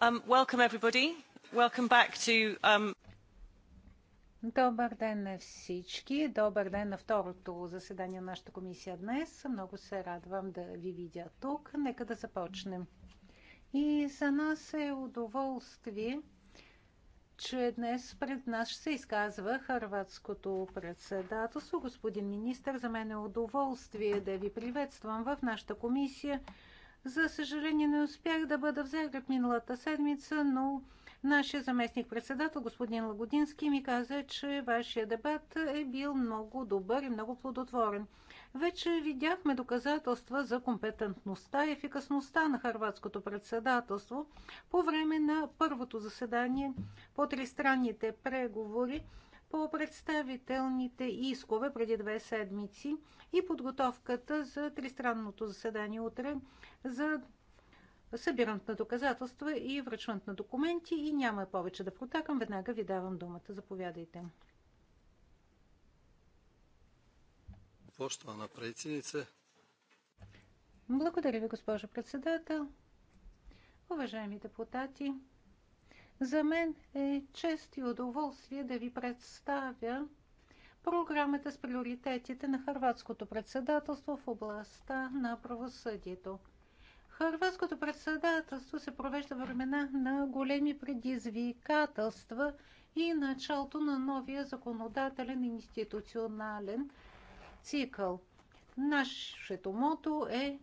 Um, welcome everybody. Welcome back to, um... Добър ден на всички. Добър ден на второто заседание на нашата комисия днес. Много се радвам да ви видя тук. Нека да започнем. И за нас е удоволствие, че днес пред нас се изказва Харватското председателство. Господин министр, за мен е удоволствие да ви приветствам в нашата комисия – за съжаление не успях да бъда в Загреб миналата седмица, но нашия заместник-председател, господин Лагодински, ми каза, че вашия дебат е бил много добър и много плодотворен. Вече видяхме доказателства за компетентността и ефикасността на харватското председателство по време на първото заседание по тристранните преговори по представителните искове преди две седмици и подготовката за тристранното заседание утре за събирането на доказателства и връчването на документи и няма повече да протакам. Веднага ви давам думата. Заповядайте. Poštovana predsjednice. Благодаря ви, госпожо председател. Уважаеми депутати, за мен е чест и удоволствие да ви представя програмата с приоритетите на Харватското председателство в областта на правосъдието. Харватското председателство се провежда времена на големи предизвикателства и началото на новия законодателен институционален цикъл. Нашето мото е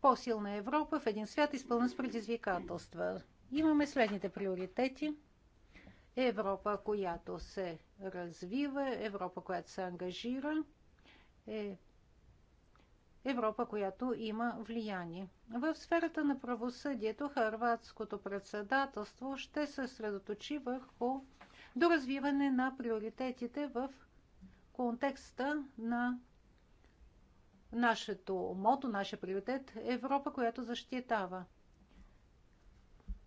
по-силна Европа в един свят, изпълнен с предизвикателства. Имаме следните приоритети. Европа, която се развива, Европа, която се ангажира, е Европа, която има влияние. В сферата на правосъдието хърватското председателство ще се средоточи върху доразвиване на приоритетите в контекста на нашето мото, нашия приоритет Европа, която защитава.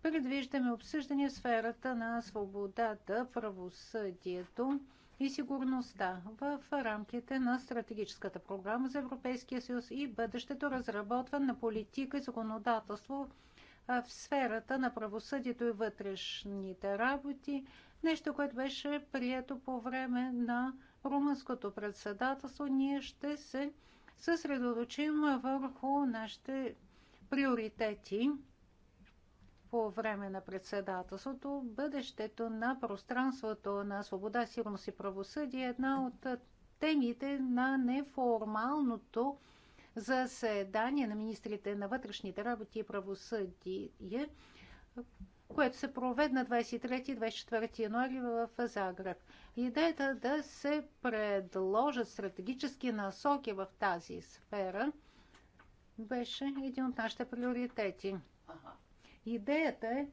Предвиждаме обсъждане в сферата на свободата, правосъдието и сигурността в рамките на стратегическата програма за Европейския съюз и бъдещето разработване на политика и законодателство в сферата на правосъдието и вътрешните работи, нещо, което беше прието по време на румънското председателство. Ние ще се съсредоточим върху нашите приоритети по време на председателството, бъдещето на пространството на свобода, сигурност и правосъдие е една от темите на неформалното заседание на министрите на вътрешните работи и правосъдие, което се проведе на 23-24 януари в Загреб. Идеята е да се предложат стратегически насоки в тази сфера беше един от нашите приоритети. Идеята е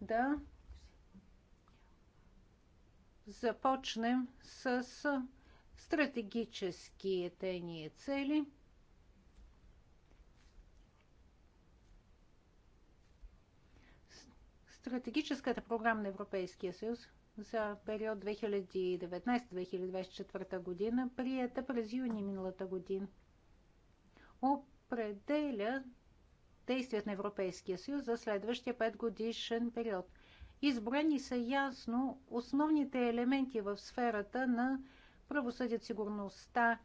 да започнем с стратегическите ни цели – стратегическата програма на Европейския съюз за период 2019-2024 година, прията през юни миналата година, определя действият на Европейския съюз за следващия 5 годишен период. Избрани са ясно основните елементи в сферата на правосъдят сигурността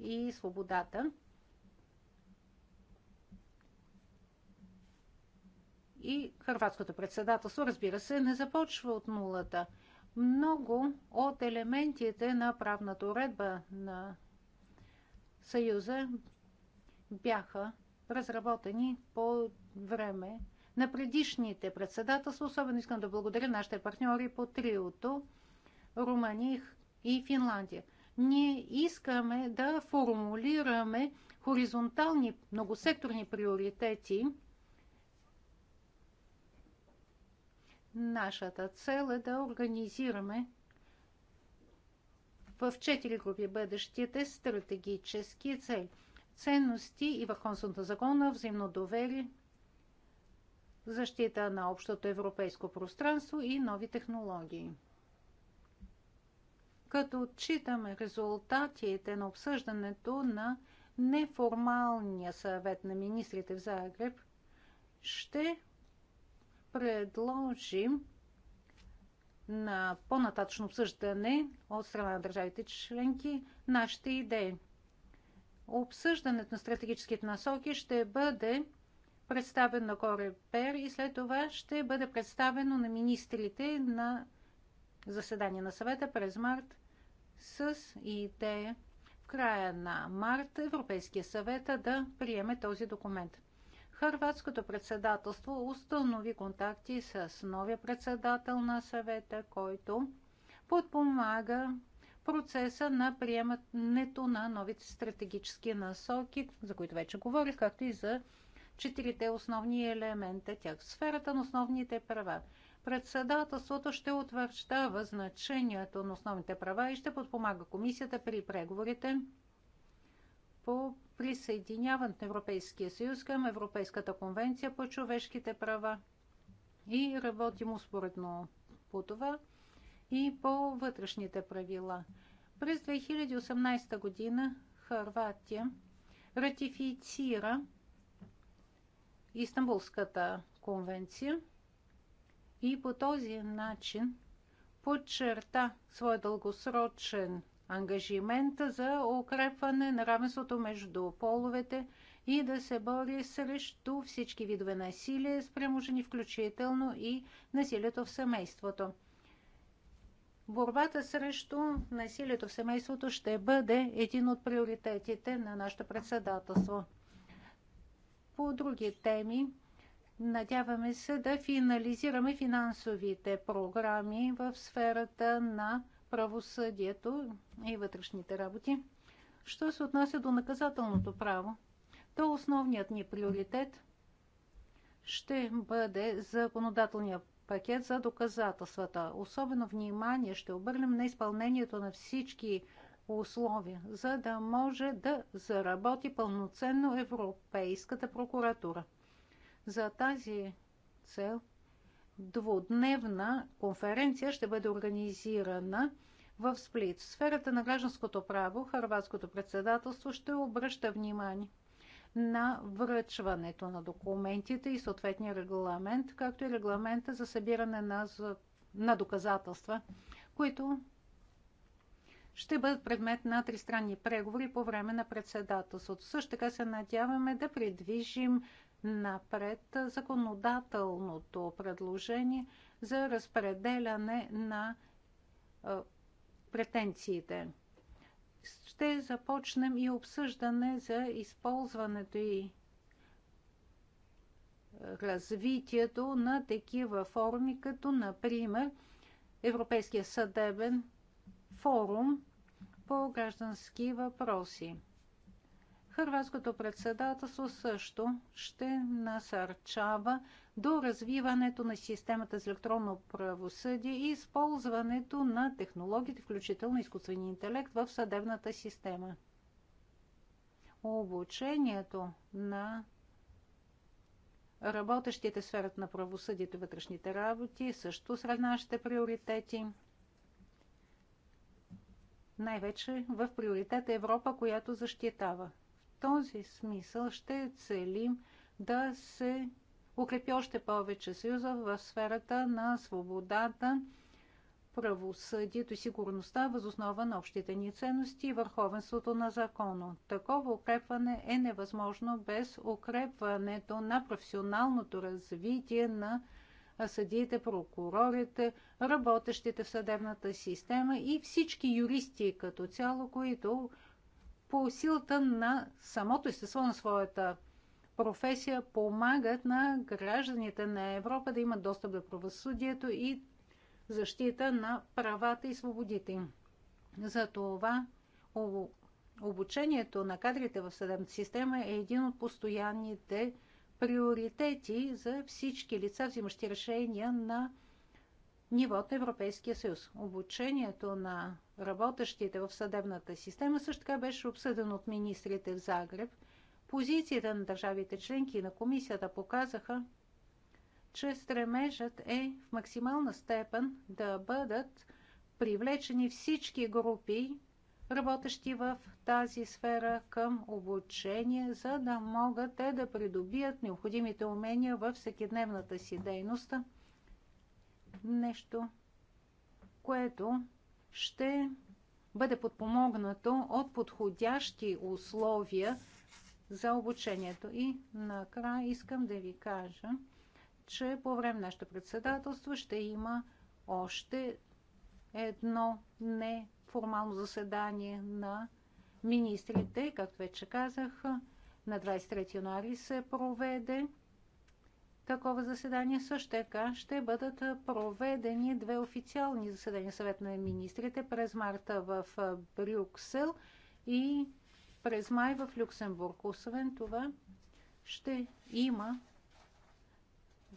и свободата. И хрватското председателство, разбира се, не започва от нулата. Много от елементите на правната уредба на Съюза бяха разработени по време на предишните председателства. Особено искам да благодаря нашите партньори по триото Румъния и Финландия. Ние искаме да формулираме хоризонтални многосекторни приоритети. Нашата цел е да организираме в четири групи бъдещите стратегически цели ценности и върховенството на закона, взаимно доверие, защита на общото европейско пространство и нови технологии. Като отчитаме резултатите на обсъждането на неформалния съвет на министрите в Загреб, ще предложим на по-нататъчно обсъждане от страна на държавите членки нашите идеи. Обсъждането на стратегическите насоки ще бъде представен на Корепер и след това ще бъде представено на министрите на заседание на съвета през март с идея в края на март Европейския съвет да приеме този документ. Харватското председателство установи контакти с новия председател на съвета, който подпомага процеса на приемането на новите стратегически насоки, за които вече говорих, както и за четирите основни елемента тях сферата на основните права. Председателството ще утвърждава значението на основните права и ще подпомага комисията при преговорите по присъединяването на Европейския съюз към Европейската конвенция по човешките права. И работим успоредно по това и по вътрешните правила. През 2018 година Харватия ратифицира Истанбулската конвенция и по този начин подчерта свой дългосрочен ангажимент за укрепване на равенството между половете и да се бори срещу всички видове насилие спрямо жени, включително и насилието в семейството. Борбата срещу насилието в семейството ще бъде един от приоритетите на нашето председателство. По други теми, надяваме се да финализираме финансовите програми в сферата на правосъдието и вътрешните работи. Що се отнася до наказателното право, то основният ни приоритет ще бъде законодателния пакет за доказателствата. Особено внимание ще обърнем на изпълнението на всички условия, за да може да заработи пълноценно Европейската прокуратура. За тази цел двудневна конференция ще бъде организирана в Сплит. В сферата на гражданското право Харватското председателство ще обръща внимание на връчването на документите и съответния регламент, както и регламента за събиране на, на доказателства, които ще бъдат предмет на тристранни преговори по време на председателството. Също така се надяваме да придвижим напред законодателното предложение за разпределяне на е, претенциите ще започнем и обсъждане за използването и е, развитието на такива форми, като например Европейския съдебен форум по граждански въпроси. Хрватското председателство също ще насърчава до развиването на системата за електронно правосъдие и използването на технологиите, включително изкуствения интелект в съдебната система. Обучението на работещите сферата на правосъдието и вътрешните работи е също сред нашите приоритети най-вече в приоритета е Европа, която защитава този смисъл ще целим да се укрепи още повече Съюза в сферата на свободата, правосъдието и сигурността възоснова на общите ни ценности и върховенството на закона. Такова укрепване е невъзможно без укрепването на професионалното развитие на съдиите, прокурорите, работещите в съдебната система и всички юристи като цяло, които по силата на самото естество на своята професия помагат на гражданите на Европа да имат достъп до правосъдието и защита на правата и свободите им. Затова обучението на кадрите в съдебната система е един от постоянните приоритети за всички лица, взимащи решения на нивото Европейския съюз. Обучението на работещите в съдебната система, също така беше обсъден от министрите в Загреб. Позицията на държавите членки и на комисията показаха, че стремежът е в максимална степен да бъдат привлечени всички групи, работещи в тази сфера към обучение, за да могат те да придобият необходимите умения във всекидневната си дейност. Нещо, което ще бъде подпомогнато от подходящи условия за обучението. И накрая искам да ви кажа, че по време на нашето председателство ще има още едно неформално заседание на министрите, както вече казах, на 23 януари се проведе такова заседание. Също така ще бъдат проведени две официални заседания съвет на министрите през марта в Брюксел и през май в Люксембург. Освен това ще има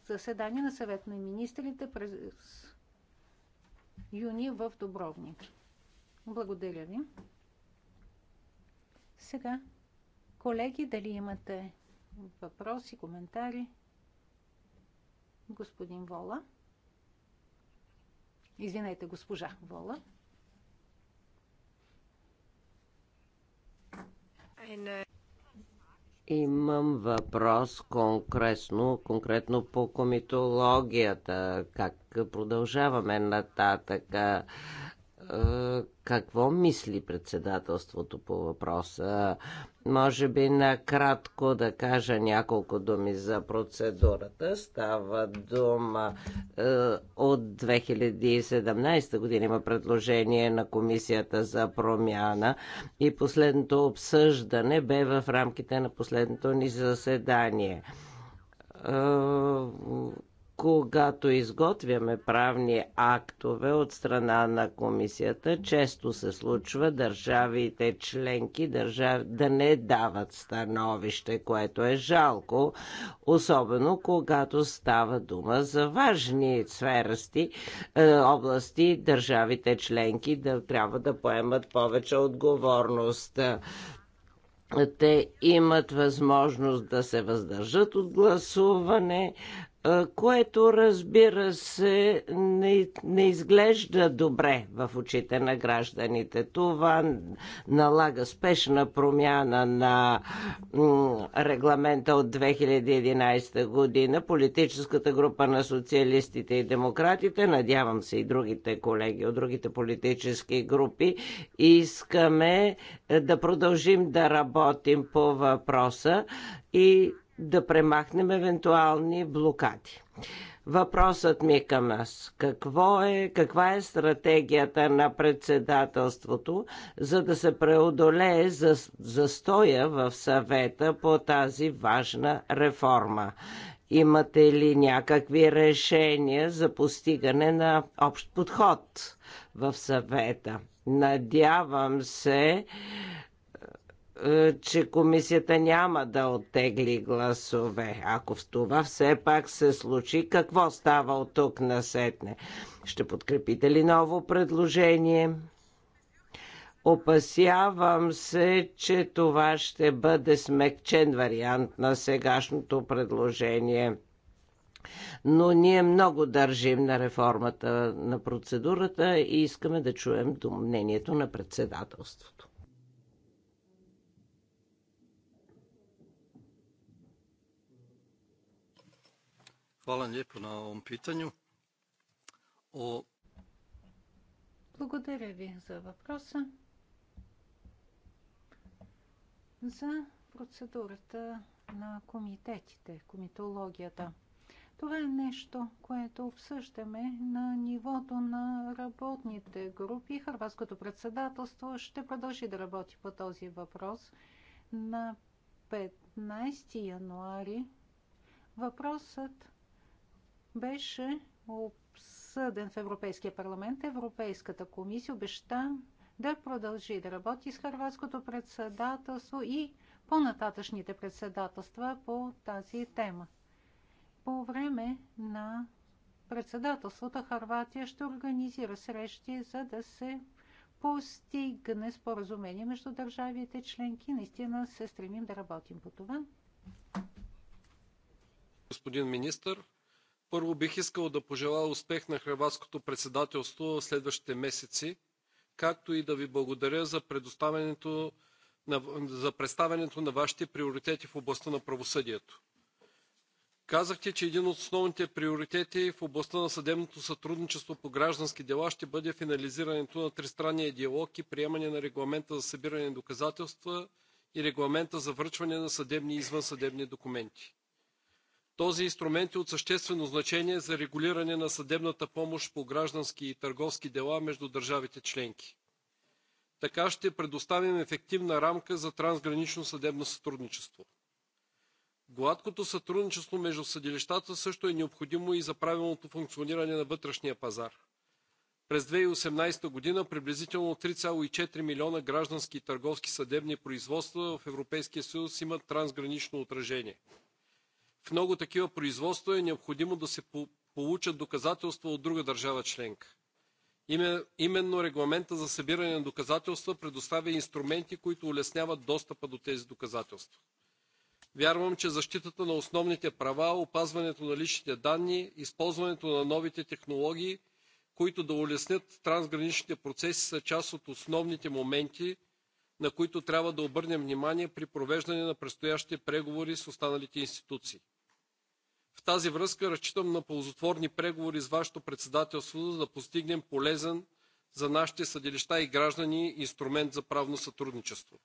заседание на съвет на министрите през юни в Добровник. Благодаря ви. Сега, колеги, дали имате въпроси, коментари? господин Вола. Извинете, госпожа Вола. Имам въпрос конкретно, конкретно по комитологията. Как продължаваме нататък? какво мисли председателството по въпроса. Може би накратко да кажа няколко думи за процедурата. Става дума от 2017 година има предложение на Комисията за промяна и последното обсъждане бе в рамките на последното ни заседание когато изготвяме правни актове от страна на комисията, често се случва държавите членки държав... да не дават становище, което е жалко, особено когато става дума за важни сферасти, е, области, държавите членки да трябва да поемат повече отговорност те имат възможност да се въздържат от гласуване, което разбира се не, не изглежда добре в очите на гражданите. Това налага спешна промяна на регламента от 2011 година. Политическата група на социалистите и демократите, надявам се и другите колеги от другите политически групи, искаме да продължим да работим по въпроса и да премахнем евентуални блокади. Въпросът ми е към нас. Какво е, каква е стратегията на председателството, за да се преодолее за, застоя в съвета по тази важна реформа? Имате ли някакви решения за постигане на общ подход в съвета? Надявам се е, че комисията няма да оттегли гласове. Ако в това все пак се случи, какво става от тук насетне? Ще подкрепите ли ново предложение? Опасявам се, че това ще бъде смекчен вариант на сегашното предложение. Но ние много държим на реформата на процедурата и искаме да чуем до мнението на председателството. Hvala lijepo na ovom pitanju. Благодаря ви за въпроса. За процедурата на комитетите, комитологията. Това е нещо, което обсъждаме на нивото на работните групи. Харватското председателство ще продължи да работи по този въпрос на 15 януари. Въпросът беше обсъден в Европейския парламент. Европейската комисия обеща да продължи да работи с хърватското председателство и по-нататъчните председателства по тази тема. По време на председателството Харватия ще организира срещи, за да се постигне споразумение между държавите членки. Наистина се стремим да работим по това. Господин министър, първо бих искал да пожелая успех на хрватското председателство в следващите месеци, както и да ви благодаря за предоставянето за представянето на вашите приоритети в областта на правосъдието. Казахте, че един от основните приоритети в областта на съдебното сътрудничество по граждански дела ще бъде финализирането на тристранния диалог и приемане на регламента за събиране на доказателства и регламента за връчване на съдебни и извънсъдебни документи. Този инструмент е от съществено значение за регулиране на съдебната помощ по граждански и търговски дела между държавите членки. Така ще предоставим ефективна рамка за трансгранично съдебно сътрудничество. Гладкото сътрудничество между съдилищата също е необходимо и за правилното функциониране на вътрешния пазар. През 2018 година приблизително 3,4 милиона граждански и търговски съдебни производства в Европейския съюз имат трансгранично отражение – в много такива производства е необходимо да се получат доказателства от друга държава членка. Именно регламента за събиране на доказателства предоставя инструменти, които улесняват достъпа до тези доказателства. Вярвам, че защитата на основните права, опазването на личните данни, използването на новите технологии, които да улеснят трансграничните процеси, са част от основните моменти, на които трябва да обърнем внимание при провеждане на предстоящите преговори с останалите институции. В тази връзка разчитам на ползотворни преговори с вашето председателство, за да постигнем полезен за нашите съдилища и граждани инструмент за правно сътрудничество.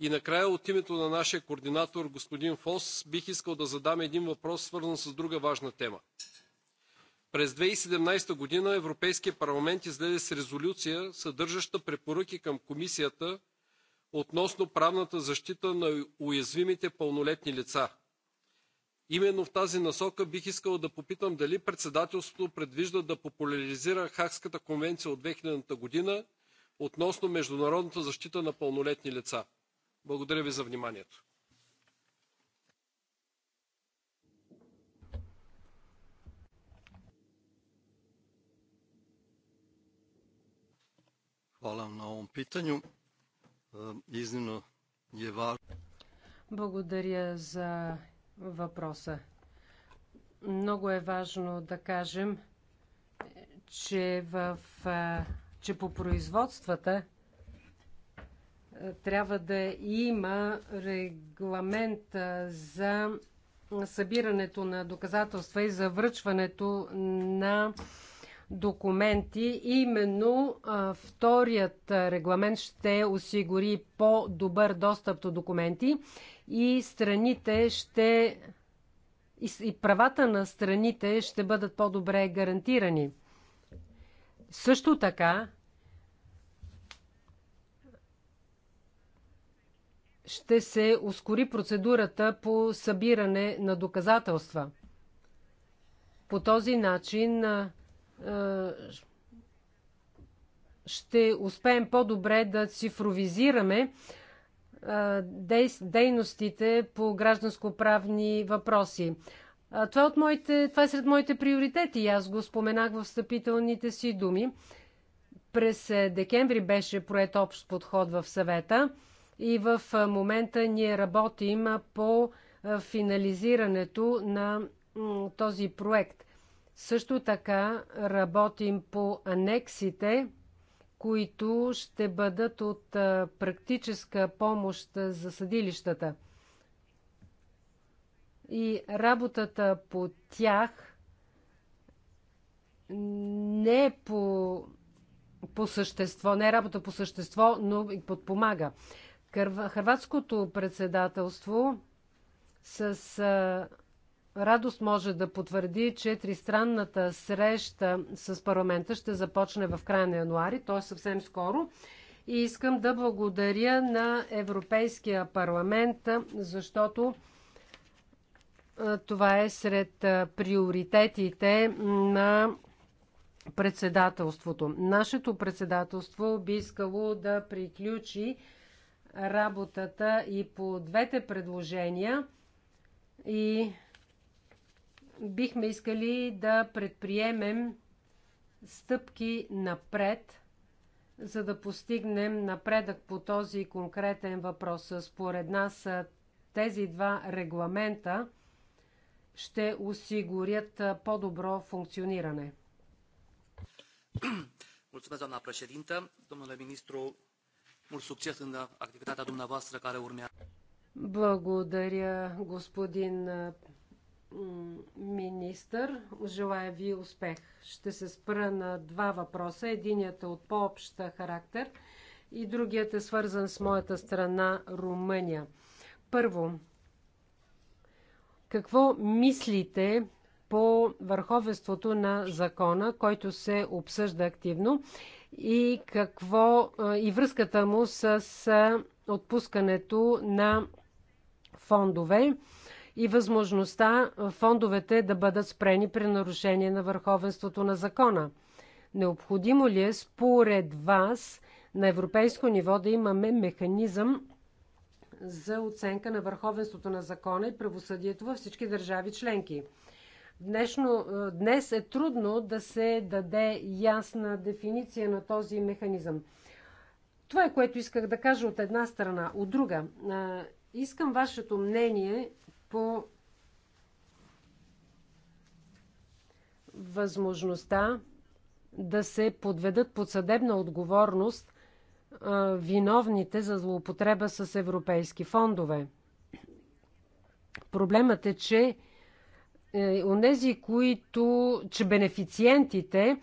И накрая от името на нашия координатор господин Фос бих искал да задам един въпрос, свързан с друга важна тема. През 2017 година Европейският парламент излезе с резолюция, съдържаща препоръки към комисията относно правната защита на уязвимите пълнолетни лица – Именно в тази насока бих искал да попитам дали председателството предвижда да популяризира Хагската конвенция от 2000 година относно международната защита на пълнолетни лица. Благодаря ви за вниманието. Hvala na ovom pitanju. E, iznimno je važno. Благодаря за въпроса. Много е важно да кажем, че, в, че по производствата трябва да има регламент за събирането на доказателства и за връчването на документи. Именно вторият регламент ще осигури по-добър достъп до документи и страните ще и правата на страните ще бъдат по-добре гарантирани. Също така ще се ускори процедурата по събиране на доказателства. По този начин ще успеем по-добре да цифровизираме дейностите по гражданско-правни въпроси. Това е, от моите, това е сред моите приоритети. Аз го споменах в встъпителните си думи. През е, декември беше проект общ подход в съвета и в момента ние работим по финализирането на този проект. Също така работим по анексите които ще бъдат от практическа помощ за съдилищата. И работата по тях не е по, по същество, не е работа по същество, но и подпомага. Хрватското председателство с радост може да потвърди, че тристранната среща с парламента ще започне в края на януари, т.е. съвсем скоро. И искам да благодаря на Европейския парламент, защото това е сред приоритетите на председателството. Нашето председателство би искало да приключи работата и по двете предложения и бихме искали да предприемем стъпки напред, за да постигнем напредък по този конкретен въпрос. Според нас тези два регламента ще осигурят по-добро функциониране. Mulțumesc, doamna președintă. Domnule ministru, mult succes în activitatea dumneavoastră care urmează. Благодаря, господин министър. Желая ви успех. Ще се спра на два въпроса. Единият е от по-обща характер и другият е свързан с моята страна Румъния. Първо, какво мислите по върховенството на закона, който се обсъжда активно и какво и връзката му с отпускането на фондове? и възможността фондовете да бъдат спрени при нарушение на върховенството на закона. Необходимо ли е според вас на европейско ниво да имаме механизъм за оценка на върховенството на закона и правосъдието във всички държави членки? Днешно, днес е трудно да се даде ясна дефиниция на този механизъм. Това е което исках да кажа от една страна. От друга, искам вашето мнение по възможността да се подведат под съдебна отговорност виновните за злоупотреба с европейски фондове. Проблемът е, че е, онези, които, че бенефициентите,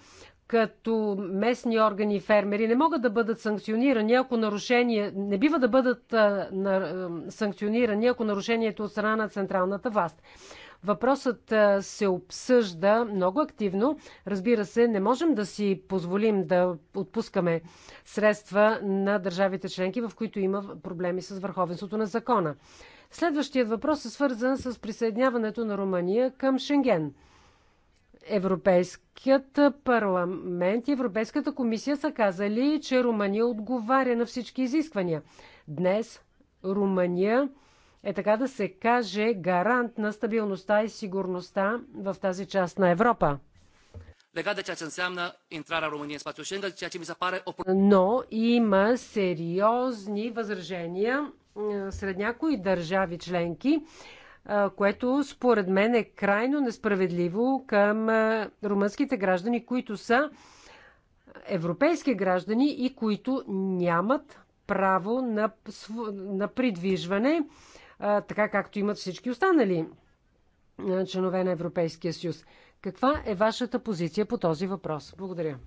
като местни органи и фермери не могат да бъдат санкционирани, ако нарушение не бива да бъдат а, на, санкционирани, ако нарушението е от страна на централната власт. Въпросът а, се обсъжда много активно. Разбира се, не можем да си позволим да отпускаме средства на държавите членки, в които има проблеми с върховенството на закона. Следващият въпрос е свързан с присъединяването на Румъния към Шенген. Европейският парламент и Европейската комисия са казали, че Румъния отговаря на всички изисквания. Днес Румъния е така да се каже гарант на стабилността и сигурността в тази част на Европа. Но има сериозни възражения сред някои държави членки което според мен е крайно несправедливо към румънските граждани, които са европейски граждани и които нямат право на, на придвижване, така както имат всички останали членове на Европейския съюз. Каква е вашата позиция по този въпрос? Благодаря.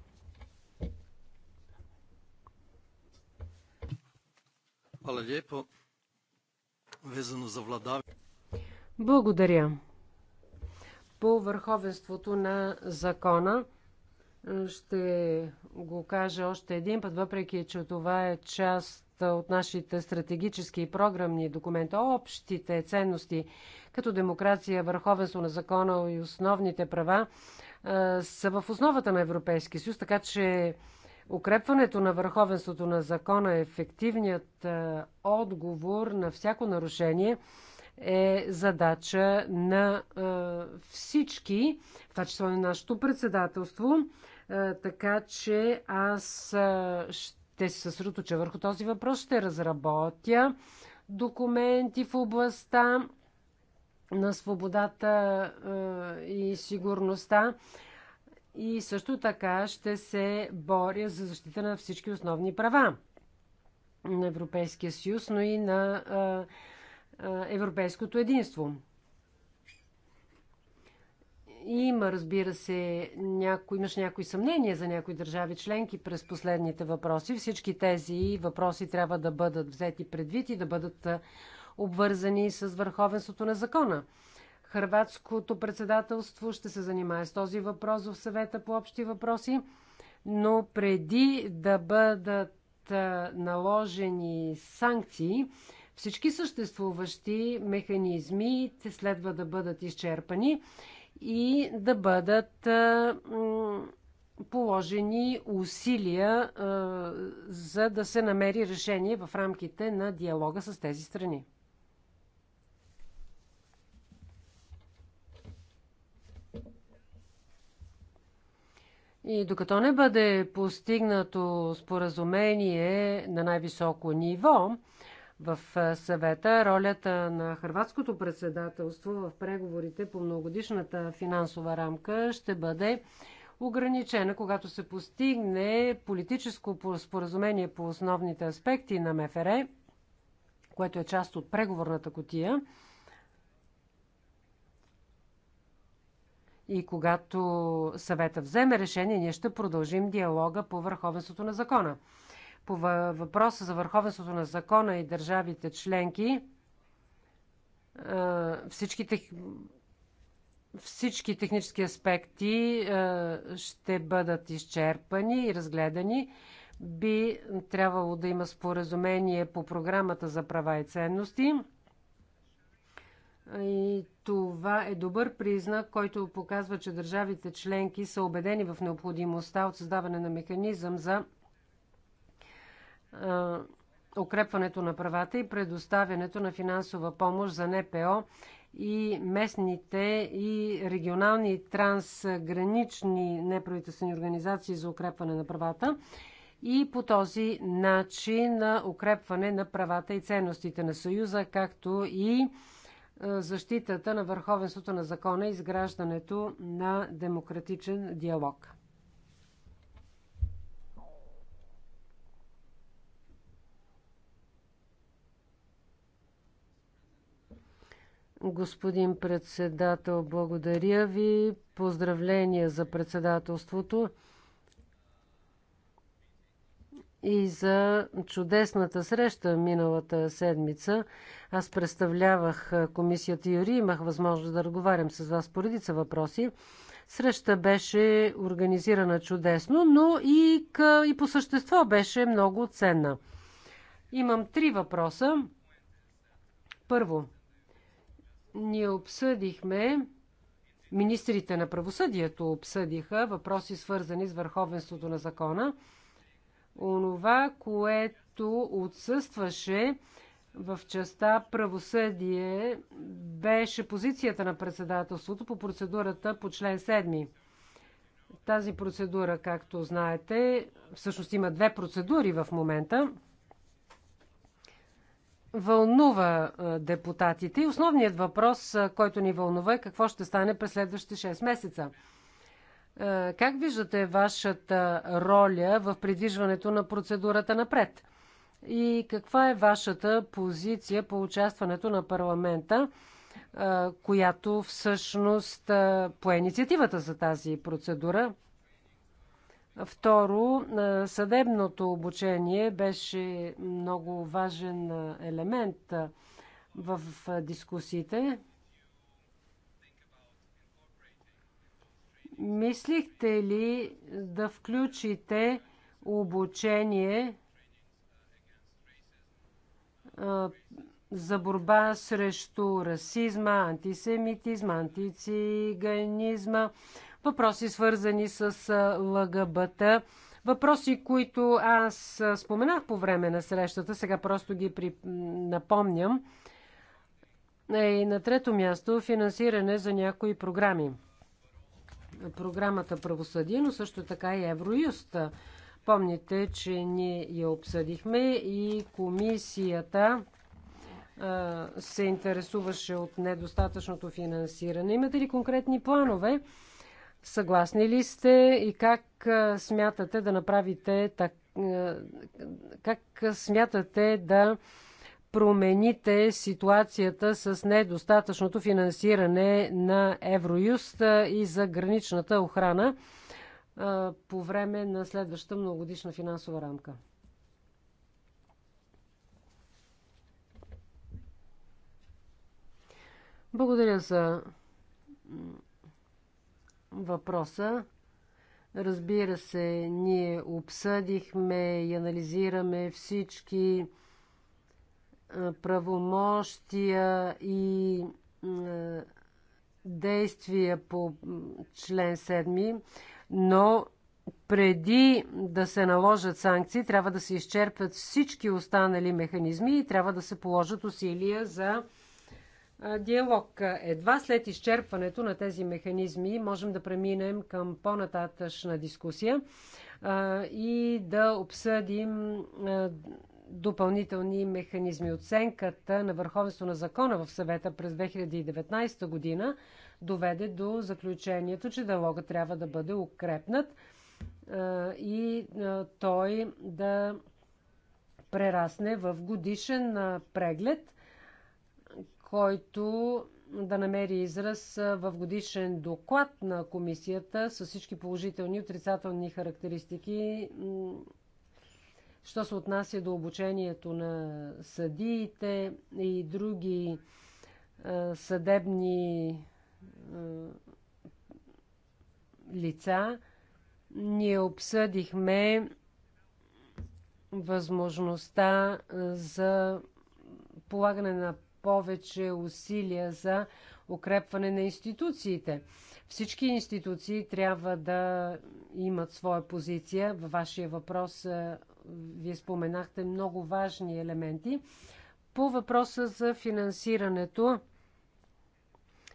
Hvala lijepo. Vezano za vladavinu. Благодаря. По върховенството на закона е, ще го кажа още един път, въпреки че това е част от нашите стратегически и програмни документи, общите ценности като демокрация, върховенство на закона и основните права е, са в основата на Европейския съюз, така че укрепването на върховенството на закона е ефективният е, отговор на всяко нарушение – е задача на всички, в това число на нашето председателство. Така че аз ще се съсредоточа върху този въпрос, ще разработя документи в областта на свободата и сигурността. И също така ще се боря за защита на всички основни права на Европейския съюз, но и на европейското единство. Има, разбира се, няко... имаш някои съмнения за някои държави членки през последните въпроси. Всички тези въпроси трябва да бъдат взети предвид и да бъдат обвързани с върховенството на закона. Хрватското председателство ще се занимае с този въпрос в съвета по общи въпроси, но преди да бъдат наложени санкции, всички съществуващи механизми следва да бъдат изчерпани и да бъдат положени усилия за да се намери решение в рамките на диалога с тези страни. И докато не бъде постигнато споразумение на най-високо ниво, в съвета. Ролята на хрватското председателство в преговорите по многодишната финансова рамка ще бъде ограничена, когато се постигне политическо споразумение по основните аспекти на МФР, което е част от преговорната котия. И когато съвета вземе решение, ние ще продължим диалога по върховенството на закона по въпроса за върховенството на закона и държавите членки, всички, тех... всички технически аспекти ще бъдат изчерпани и разгледани. Би трябвало да има споразумение по програмата за права и ценности. И това е добър признак, който показва, че държавите членки са убедени в необходимостта от създаване на механизъм за укрепването на правата и предоставянето на финансова помощ за НПО и местните и регионални трансгранични неправителствени организации за укрепване на правата и по този начин на укрепване на правата и ценностите на Съюза, както и защитата на върховенството на закона и изграждането на демократичен диалог. Господин председател, благодаря ви. Поздравления за председателството и за чудесната среща миналата седмица. Аз представлявах комисията Юри, имах възможност да разговарям с вас по редица въпроси. Среща беше организирана чудесно, но и, и по същество беше много ценна. Имам три въпроса. Първо, ние обсъдихме, министрите на правосъдието обсъдиха въпроси свързани с върховенството на закона. Онова, което отсъстваше в частта правосъдие беше позицията на председателството по процедурата по член 7. Тази процедура, както знаете, всъщност има две процедури в момента – вълнува депутатите. И основният въпрос, който ни вълнува е какво ще стане през следващите 6 месеца. Как виждате вашата роля в придвижването на процедурата напред? И каква е вашата позиция по участването на парламента, която всъщност пое инициативата за тази процедура? Второ, съдебното обучение беше много важен елемент в дискусиите. Мислихте ли да включите обучение за борба срещу расизма, антисемитизма, антициганизма? въпроси свързани с ЛГБТ, въпроси, които аз споменах по време на срещата, сега просто ги при... напомням. Е, и на трето място финансиране за някои програми. Програмата Правосъдие, но също така и Евроюст. Помните, че ние я обсъдихме и комисията се интересуваше от недостатъчното финансиране. Имате ли конкретни планове Съгласни ли сте и как смятате да направите так... как смятате да промените ситуацията с недостатъчното финансиране на Евроюст и за граничната охрана по време на следващата многогодишна финансова рамка? Благодаря за въпроса. Разбира се, ние обсъдихме и анализираме всички правомощия и действия по член 7, но преди да се наложат санкции, трябва да се изчерпят всички останали механизми и трябва да се положат усилия за диалог. Едва след изчерпването на тези механизми можем да преминем към по-нататъчна дискусия и да обсъдим допълнителни механизми. Оценката на върховенство на закона в съвета през 2019 година доведе до заключението, че диалогът трябва да бъде укрепнат и той да прерасне в годишен преглед – който да намери израз в годишен доклад на комисията с всички положителни и отрицателни характеристики, що се отнася до обучението на съдиите и други съдебни лица, ние обсъдихме възможността за полагане на повече усилия за укрепване на институциите. Всички институции трябва да имат своя позиция. Във вашия въпрос вие споменахте много важни елементи. По въпроса за финансирането,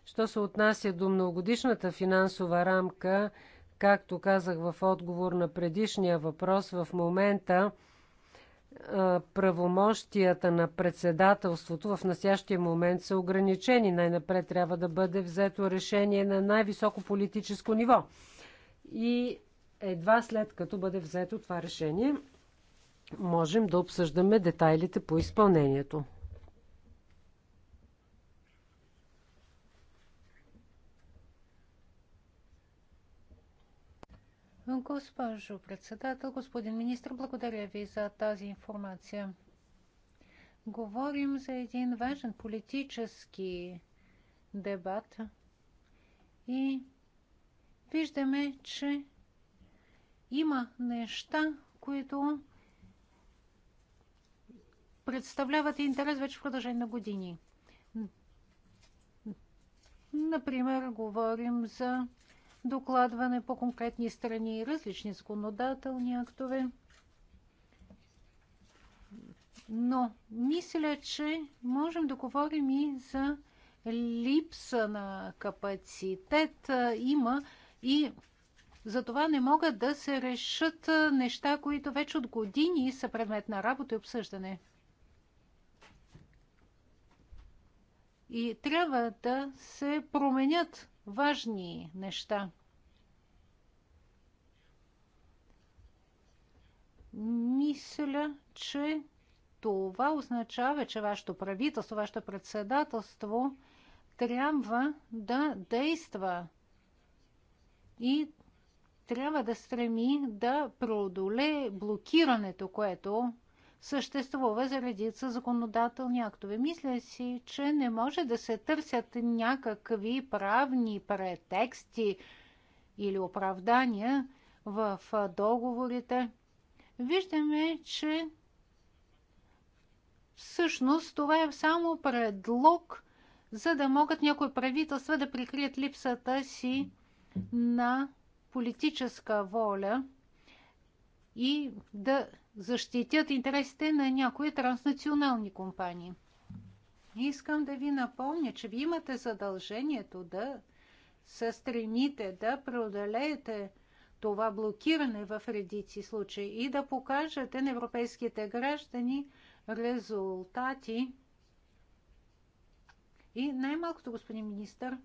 що се отнася до многогодишната финансова рамка, както казах в отговор на предишния въпрос, в момента правомощията на председателството в настоящия момент са ограничени. Най-напред трябва да бъде взето решение на най-високо политическо ниво. И едва след като бъде взето това решение, можем да обсъждаме детайлите по изпълнението. Госпожо председател, господин министр, благодаря ви за тази информация. Говорим за един важен политически дебат и виждаме, че има неща, които представляват интерес вече в продължение на години. Например, говорим за докладване по конкретни страни, различни законодателни актове. Но мисля, че можем да говорим и за липса на капацитет. Има и за това не могат да се решат неща, които вече от години са предмет на работа и обсъждане. И трябва да се променят важни неща. Мисля, че това означава, че вашето правителство, вашето председателство трябва да действа и трябва да стреми да продоле блокирането, което съществува за редица законодателни актове. Мисля си, че не може да се търсят някакви правни претексти или оправдания в договорите. Виждаме, че всъщност това е само предлог, за да могат някои правителства да прикрият липсата си на политическа воля – и да защитят интересите на някои транснационални компании. Искам да ви напомня, че ви имате задължението да се стремите да преодолеете това блокиране в редици случаи и да покажете на европейските граждани резултати. И най-малкото, господин министър,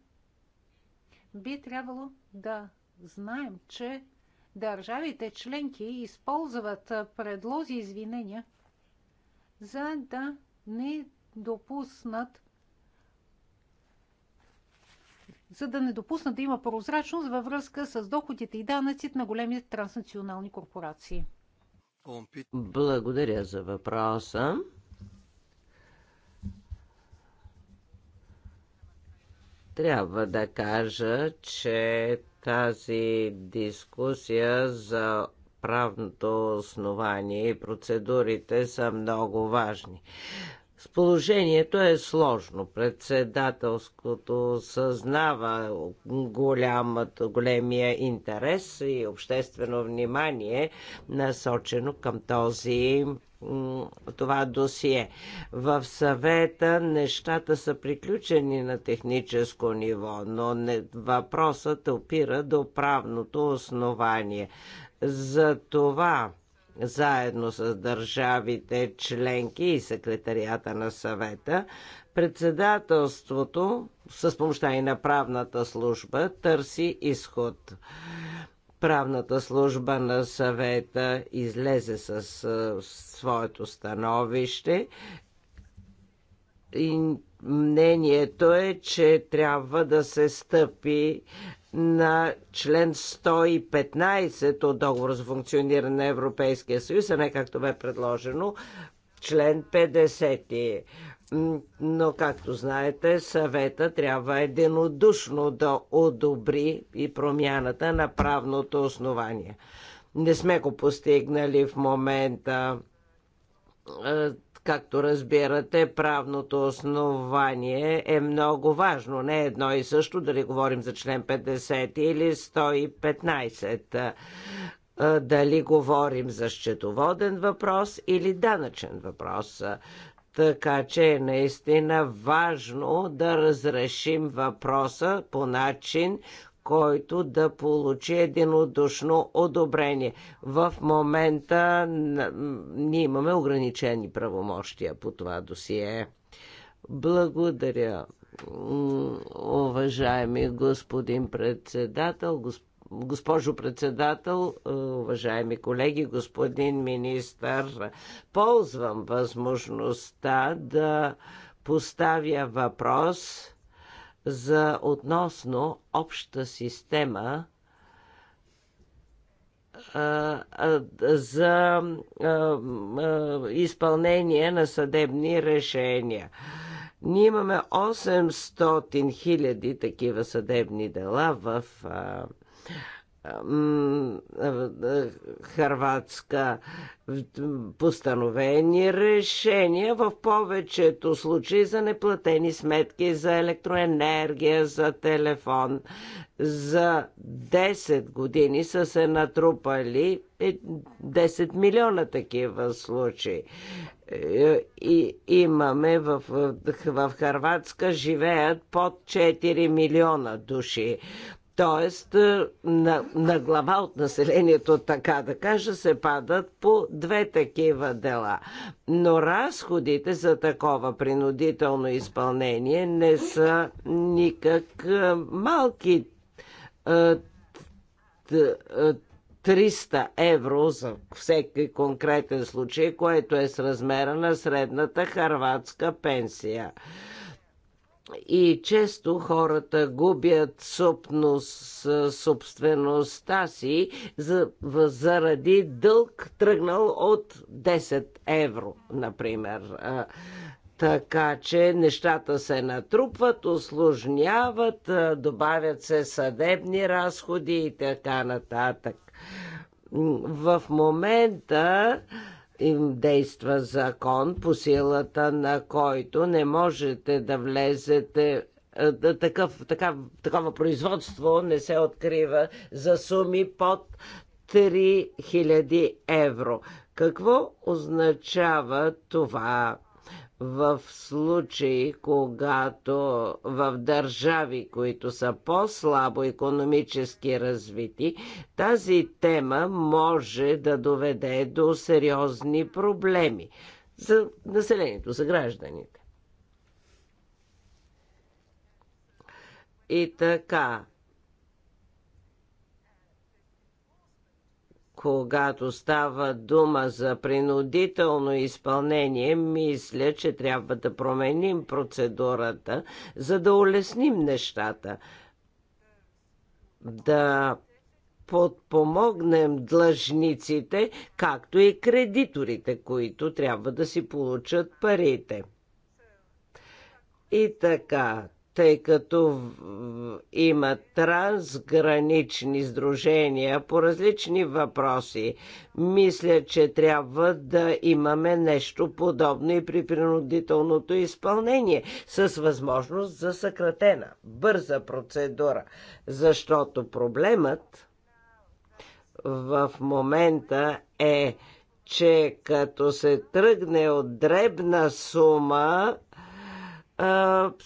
би трябвало да знаем, че държавите членки използват предлози извинения, за да не допуснат за да не допуснат да има прозрачност във връзка с доходите и данъците на големи транснационални корпорации. Благодаря за въпроса. Трябва да кажа, че тази дискусия за правното основание и процедурите са много важни. С положението е сложно. Председателското съзнава голямата, големия интерес и обществено внимание насочено към този това досие. В съвета нещата са приключени на техническо ниво, но не, въпросът опира до правното основание. За това заедно с държавите членки и секретарията на съвета, председателството с помощта и на правната служба търси изход. Правната служба на съвета излезе с своето становище и мнението е, че трябва да се стъпи на член 115 от договор за функциониране на Европейския съюз, а не както бе предложено, член 50. Но, както знаете, съвета трябва единодушно да одобри и промяната на правното основание. Не сме го постигнали в момента е, Както разбирате, правното основание е много важно. Не едно и също, дали говорим за член 50 или 115 дали говорим за счетоводен въпрос или данъчен въпрос. Така че е наистина важно да разрешим въпроса по начин, който да получи единодушно одобрение. В момента ние имаме ограничени правомощия по това досие. Благодаря, уважаеми господин председател, госпожо председател, е, уважаеми колеги, господин министър, ползвам възможността да поставя въпрос за относно обща система за изпълнение на съдебни решения. Ние имаме 800 хиляди такива съдебни дела в Харватска постановени решения в повечето случаи за неплатени сметки за електроенергия, за телефон. За 10 години са се натрупали 10 е, милиона такива случаи. Е, и имаме в, в, в Харватска живеят под 4 милиона души. Тоест, е, на, на глава от населението, така да кажа, се падат по две такива дела. Но разходите за такова принудително изпълнение не са никак е, малки. 300 е, евро за всеки конкретен случай, което е с размера на средната харватска пенсия и често хората губят собност, собствеността си за, заради дълг тръгнал от 10 евро, например. Така че нещата се натрупват, осложняват, добавят се съдебни разходи и така нататък. В момента им действа закон, по силата на който не можете да влезете е, такъв, така, такова производство не се открива за суми под 3000 евро. Какво означава това? в случаи, когато в държави, които са по-слабо економически развити, тази тема може да доведе до сериозни проблеми за населението, за гражданите. И така, когато става дума за принудително изпълнение, мисля, че трябва да променим процедурата, за да улесним нещата. Да подпомогнем длъжниците, както и кредиторите, които трябва да си получат парите. И така, тъй като има трансгранични сдружения по различни въпроси. Мисля, че трябва да имаме нещо подобно и при принудителното изпълнение, с възможност за съкратена, бърза процедура, защото проблемът в момента е, че като се тръгне от дребна сума,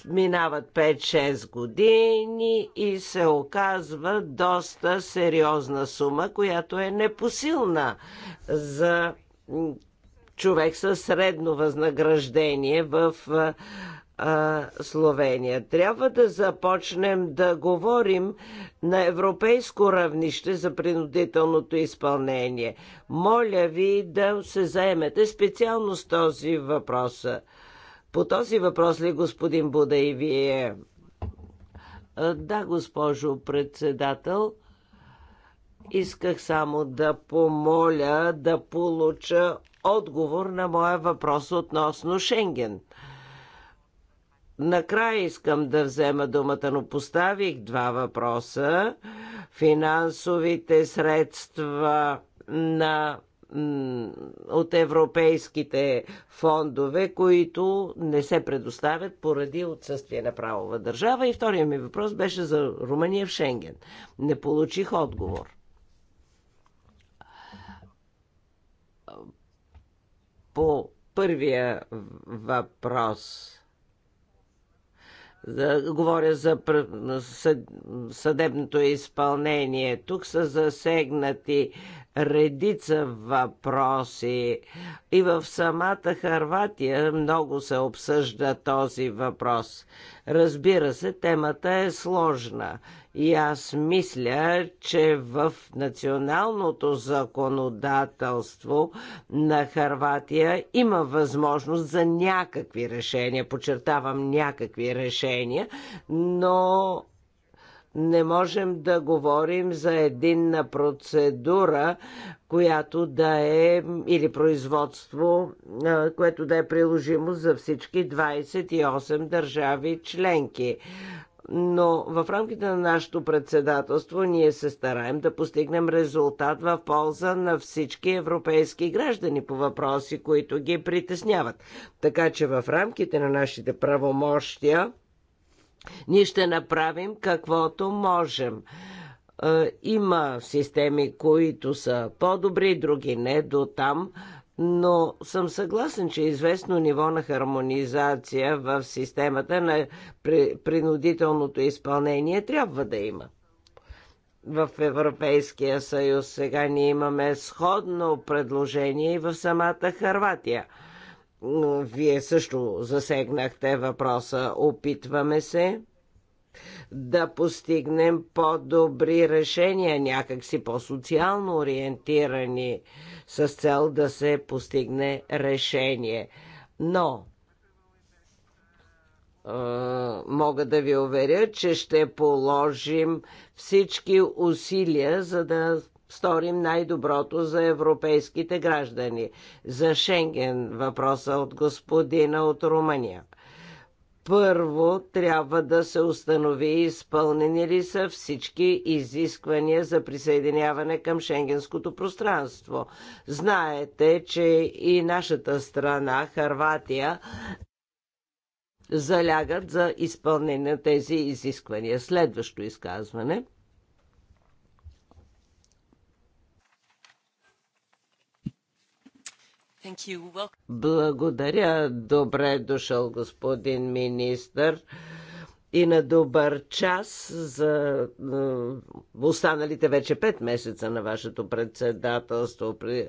минават 5-6 години и се оказва доста сериозна сума, която е непосилна за човек със средно възнаграждение в Словения. Трябва да започнем да говорим на европейско равнище за принудителното изпълнение. Моля ви да се заемете специално с този въпрос. По този въпрос ли, господин Буда, и вие? Да, госпожо председател. Исках само да помоля да получа отговор на моя въпрос относно Шенген. Накрая искам да взема думата, но поставих два въпроса. Финансовите средства на от европейските фондове, които не се предоставят поради отсъствие на правова държава. И втория ми въпрос беше за Румъния в Шенген. Не получих отговор. По първия въпрос. Да, говоря за съдебното изпълнение. Тук са засегнати редица въпроси. И в самата Харватия много се обсъжда този въпрос. Разбира се, темата е сложна. И аз мисля, че в националното законодателство на Харватия има възможност за някакви решения, подчертавам някакви решения, но не можем да говорим за единна процедура, която да е или производство, което да е приложимо за всички 28 държави членки но в рамките на нашето председателство ние се стараем да постигнем резултат в полза на всички европейски граждани по въпроси, които ги притесняват. Така че в рамките на нашите правомощия ние ще направим каквото можем. Е, има системи, които са по-добри, други не до там, но съм съгласен, че е известно ниво на хармонизация в системата на принудителното изпълнение трябва да има в Европейския съюз. Сега ние имаме сходно предложение и в самата Харватия. Вие също засегнахте въпроса. Опитваме се да постигнем по-добри решения, някакси по-социално ориентирани, с цел да се постигне решение. Но мога да ви уверя, че ще положим всички усилия, за да сторим най-доброто за европейските граждани. За Шенген въпроса от господина от Румъния. Първо трябва да се установи изпълнени ли са всички изисквания за присъединяване към шенгенското пространство. Знаете, че и нашата страна, Харватия, залягат за изпълнение на тези изисквания. Следващо изказване – Благодаря. Добре е дошъл, господин министър. И на добър час за е, останалите вече 5 месеца на вашето председателство. Е,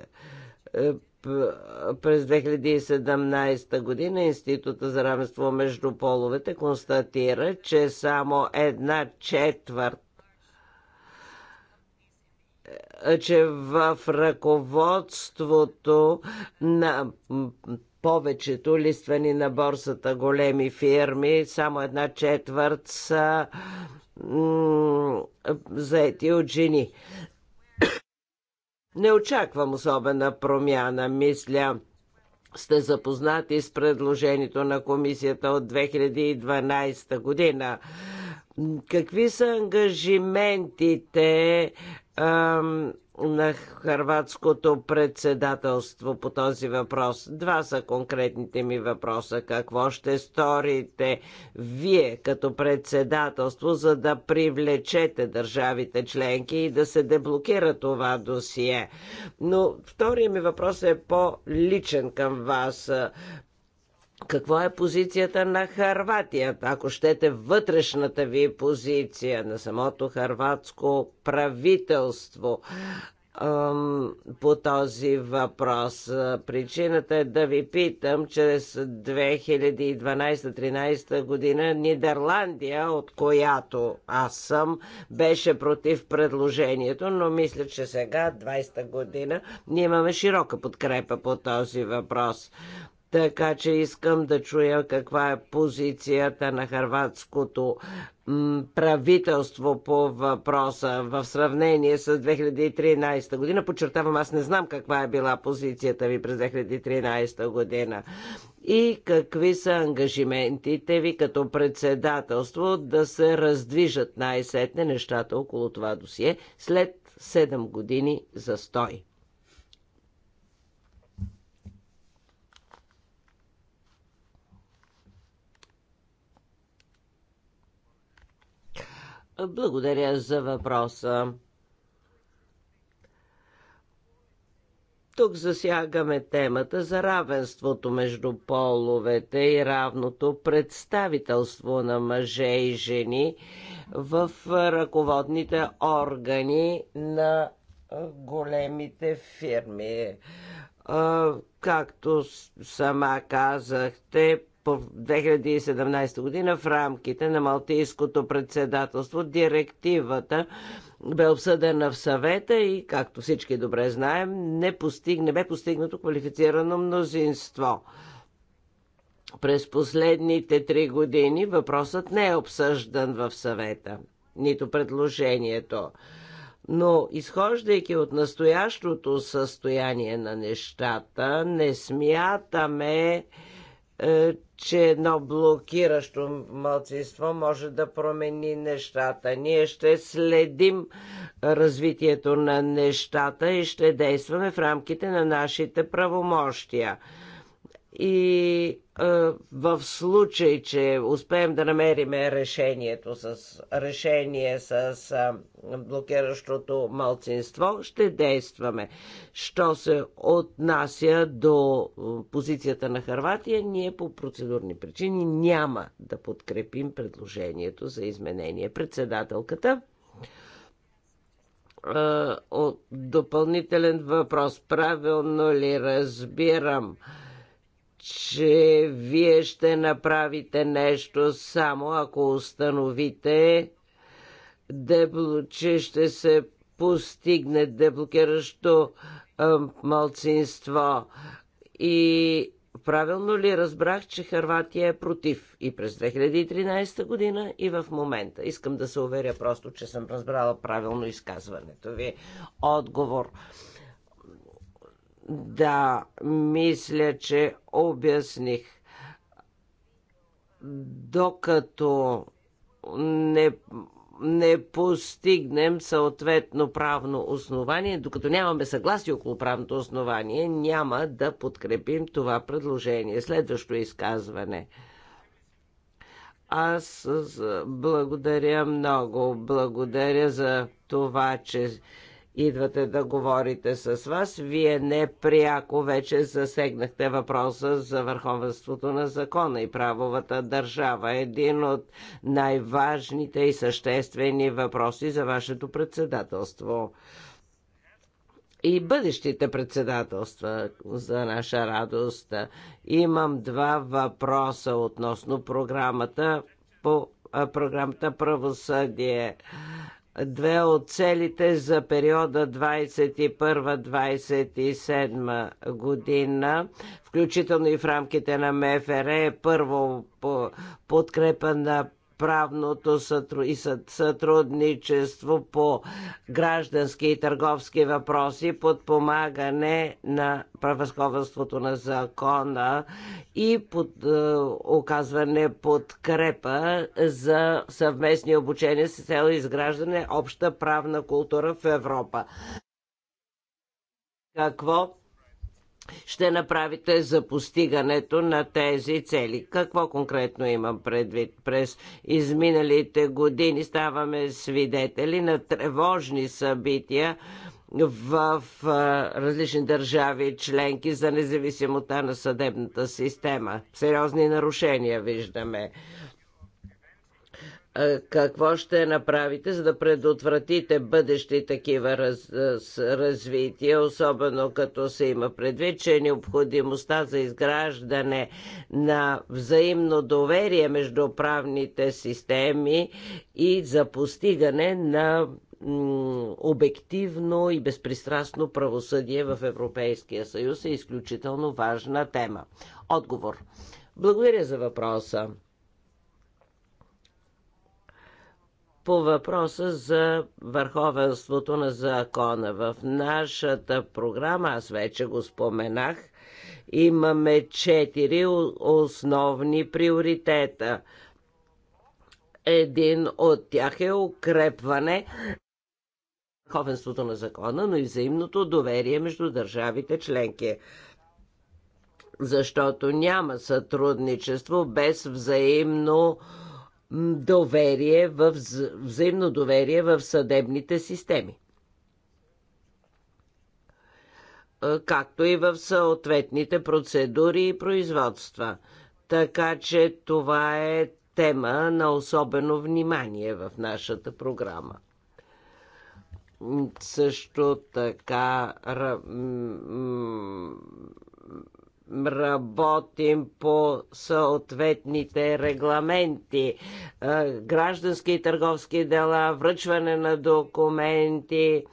през 2017 година Института за равенство между половете констатира, че само една четвърт че в ръководството на повечето листвани на борсата големи фирми, само една четвърт са заети от жени. Не очаквам особена промяна, мисля сте запознати с предложението на комисията от 2012 година Какви са ангажиментите ам, на Харватското председателство по този въпрос? Два са конкретните ми въпроса. Какво ще сторите вие като председателство, за да привлечете държавите членки и да се деблокира това досие? Но втория ми въпрос е по-личен към вас какво е позицията на Харватия? Ако щете вътрешната ви позиция на самото харватско правителство по този въпрос. Причината е да ви питам, чрез 2012-13 година Нидерландия, от която аз съм, беше против предложението, но мисля, че сега, 20-та година, ние имаме широка подкрепа по този въпрос. Така че искам да чуя каква е позицията на хрватското правителство по въпроса в сравнение с 2013 година. Подчертавам, аз не знам каква е била позицията ви през 2013 година и какви са ангажиментите ви като председателство да се раздвижат най-сетне нещата около това досие след 7 години застой. Благодаря за въпроса. Тук засягаме темата за равенството между половете и равното представителство на мъже и жени в ръководните органи на големите фирми. Както сама казахте, по 2017 година в рамките на Малтийското председателство. Директивата бе обсъдена в съвета и, както всички добре знаем, не, не бе постигнато квалифицирано мнозинство. През последните три години въпросът не е обсъждан в съвета, нито предложението. Но, изхождайки от настоящото състояние на нещата, не смятаме, е, че едно блокиращо мълцинство може да промени нещата. Ние ще следим развитието на нещата и ще действаме в рамките на нашите правомощия. И в случай, че успеем да намериме решението с решение с блокиращото малцинство, ще действаме. Що се отнася до позицията на Харватия, ние по процедурни причини няма да подкрепим предложението за изменение. Председателката от допълнителен въпрос. Правилно ли разбирам? че вие ще направите нещо само ако установите, че ще се постигне деблокиращо малцинство. И правилно ли разбрах, че Харватия е против и през 2013 година и в момента? Искам да се уверя просто, че съм разбрала правилно изказването ви. Отговор. Да, мисля, че обясних. Докато не, не постигнем съответно правно основание, докато нямаме съгласие около правното основание, няма да подкрепим това предложение. Следващо изказване. Аз благодаря много. Благодаря за това, че идвате да говорите с вас. Вие не пряко вече засегнахте въпроса за върховенството на закона и правовата държава. Един от най-важните и съществени въпроси за вашето председателство и бъдещите председателства за наша радост. Имам два въпроса относно програмата по програмата Правосъдие две от целите за периода 21-27 година, включително и в рамките на МФР, е първо подкрепа на правното сътрудничество по граждански и търговски въпроси, подпомагане на правосковенството на закона и под, е, оказване подкрепа за съвместни обучения с цел изграждане обща правна култура в Европа. Какво ще направите за постигането на тези цели. Какво конкретно имам предвид? През изминалите години ставаме свидетели на тревожни събития в различни държави членки за независимостта на съдебната система. Сериозни нарушения виждаме какво ще направите, за да предотвратите бъдещи такива раз, раз, развития, особено като се има предвид, че необходимостта за изграждане на взаимно доверие между правните системи и за постигане на обективно и безпристрастно правосъдие в Европейския съюз е изключително важна тема. Отговор. Благодаря за въпроса. по въпроса за върховенството на закона. В нашата програма, аз вече го споменах, имаме четири основни приоритета. Един от тях е укрепване върховенството на закона, но и взаимното доверие между държавите членки защото няма сътрудничество без взаимно доверие в, взаимно доверие в съдебните системи. Е, както и в съответните процедури и производства. Така че това е тема на особено внимание в нашата програма. Също така работим по съответните регламенти, е, граждански и търговски дела, връчване на документи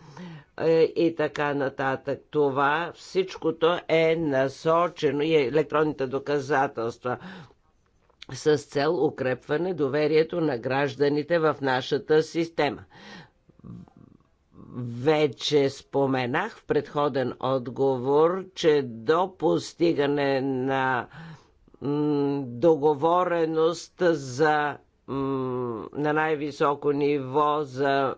е, и така нататък. Това всичкото е насочено и електронните доказателства с цел укрепване доверието на гражданите в нашата система вече споменах в предходен отговор, че до постигане на договореност за на най-високо ниво за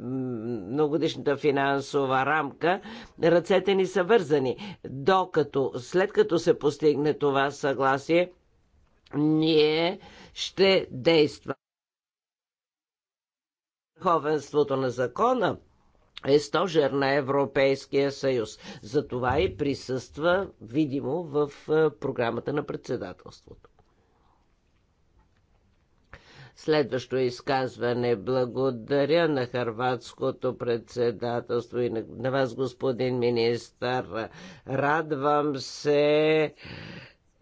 многодишната финансова рамка, ръцете ни са вързани. Докато, след като се постигне това съгласие, ние ще действаме. Върховенството на закона – е стожер на Европейския съюз. Затова и присъства видимо в е, програмата на председателството. Следващо изказване. Благодаря на Харватското председателство и на, на вас, господин министър. Радвам се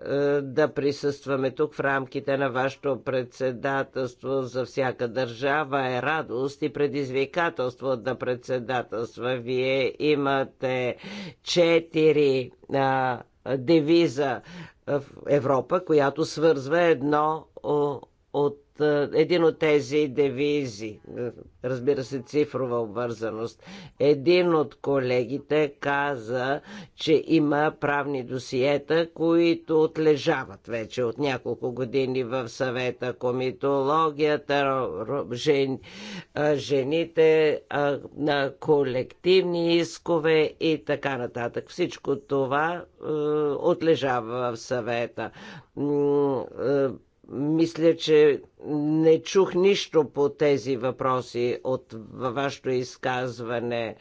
е, да присъстваме тук в рамките на вашето председателство. За всяка държава е радост и предизвикателство да председателства. Вие имате четири а, девиза в Европа, която свързва едно от е, един от тези девизи, разбира се, цифрова обвързаност. Един от колегите каза, че има правни досиета, които отлежават вече от няколко години в съвета комитологията, жен, жените, на колективни искове и така нататък. Всичко това е, отлежава в съвета е, мисля, че не чух нищо по тези въпроси от вашето изказване.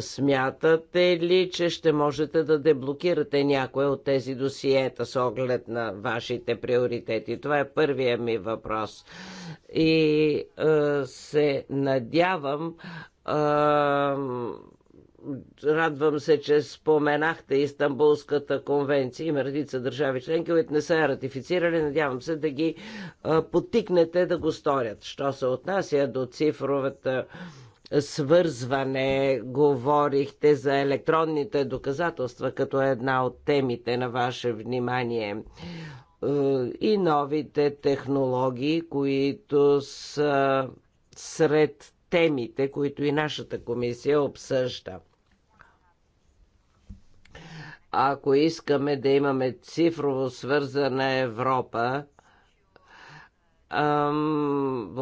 Смятате ли, че ще можете да деблокирате някое от тези досиета с оглед на вашите приоритети? Това е първия ми въпрос. И е, се надявам е, Радвам се, че споменахте Истанбулската конвенция. Има редица държави членки, които не са я ратифицирали. Надявам се да ги потикнете да го сторят. Що се отнася до цифровата свързване, говорихте за електронните доказателства като една от темите на ваше внимание и новите технологии, които са сред темите, които и нашата комисия обсъжда. Ако искаме да имаме цифрово свързана Европа,